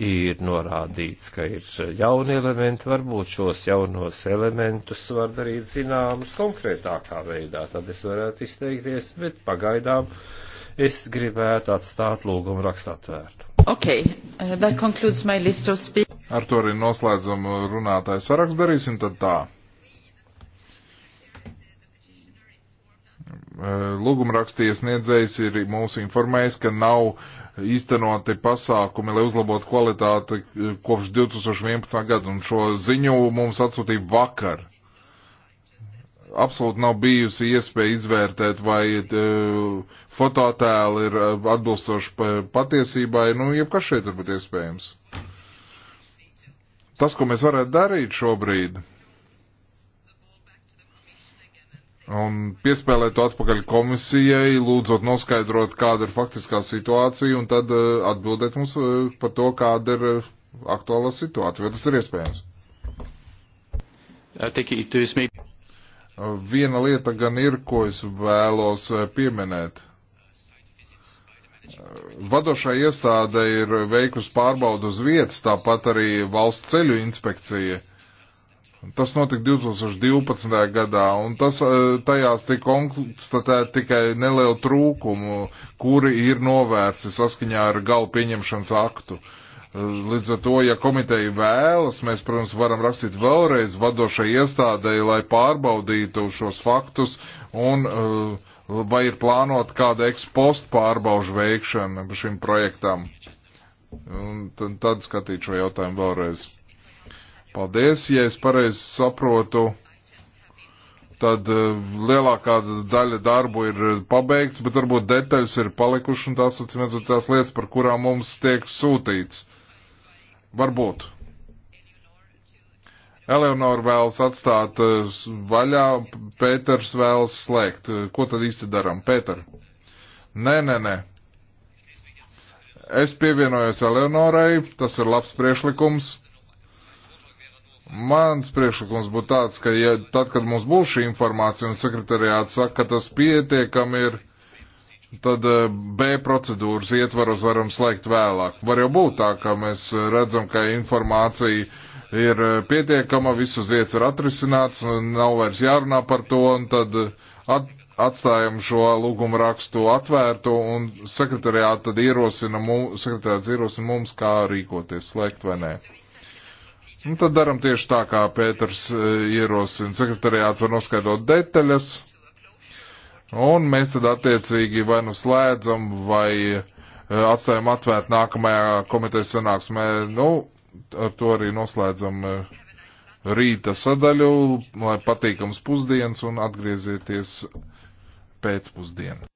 Speaker 1: ir norādīts, ka ir jauni elementi, varbūt šos jaunos elementus var darīt zināmus konkrētākā veidā, tad es varētu izteikties, bet pagaidām es
Speaker 3: gribētu atstāt lūgumu rakstu atvērtu.
Speaker 2: Okay, uh, that concludes my list of speakers.
Speaker 3: Ar to arī noslēdzam runātāju sarakstu darīsim tad tā. Eh, lūgumrakstīs niedzējs ir mūs informējis, ka nav īstenoti pasākumi, lai uzlabotu kvalitāti eh, kopš 2011. gada, un šo ziņu mums atsūtīja vakar. Absolūti nav bijusi iespēja izvērtēt, vai eh, fototēli ir atbilstoši patiesībai, nu, jebkas šeit ir pat iespējams. Tas, ko mēs varētu darīt šobrīd, un piespēlēt to atpakaļ komisijai, lūdzot noskaidrot, kāda ir faktiskā situācija, un tad eh, atbildēt mums eh, par to, kāda ir eh, aktuālā situācija. Vai tas ir iespējams? Viena lieta gan ir, ko es vēlos pieminēt. Vadošā iestāde ir veikusi pārbaudu uz vietas, tāpat arī valsts ceļu inspekcija. Uh, Tas notika 2012. gadā, un tas, eh, tajās tika konstatēta tikai neliela trūkumu, kuri ir novērsti saskaņā ar galu pieņemšanas aktu. Eh, līdz ar to, ja komiteja vēlas, mēs, protams, varam rakstīt vēlreiz vadošai iestādēji, lai pārbaudītu šos faktus un eh, vai ir plānota kāda ekspostu pārbaužu veikšana šim projektam. Un tad skatīt šo jautājumu vēlreiz. Paldies, ja es pareizi saprotu, tad eh, lielākā daļa darbu ir eh, pabeigts, bet varbūt detaļas ir palikušas un tās acīm redzot tās lietas, par kurām mums tiek sūtīts. Varbūt. Eleonora vēlas atstāt eh, vaļā, Pēters vēlas slēgt. Ko tad īsti darām? Pēter? Nē, nē, nē. Es pievienojos Eleonorai, tas ir labs priešlikums. Mans priekšlikums būtu tāds, ka ja, tad, kad mums būs šī informācija un sekretariāts saka, ka tas pietiekami ir, tad eh, B procedūras ietvaros varam slēgt vēlāk. Var jau būt tā, ka mēs redzam, ka informācija ir eh, pietiekama, visas vietas ir atrisināts, nav vairs jārunā par to, un tad eh, at, atstājam šo lūgumu rakstu atvērtu, un sekretariāts ierosina, mums, sekretariāts ierosina mums, kā rīkoties, slēgt vai nē. Un nu, tad daram tieši tā, kā Pēters e, ierosina. Sekretariāts var noskaidrot detaļas, un mēs tad attiecīgi vai nu slēdzam, vai e, atstājam atvērt nākamajā komitejas sanāksmē. Nu, ar to arī noslēdzam e, rīta sadaļu, lai patīkams pusdienas un atgriezieties pēcpusdienu.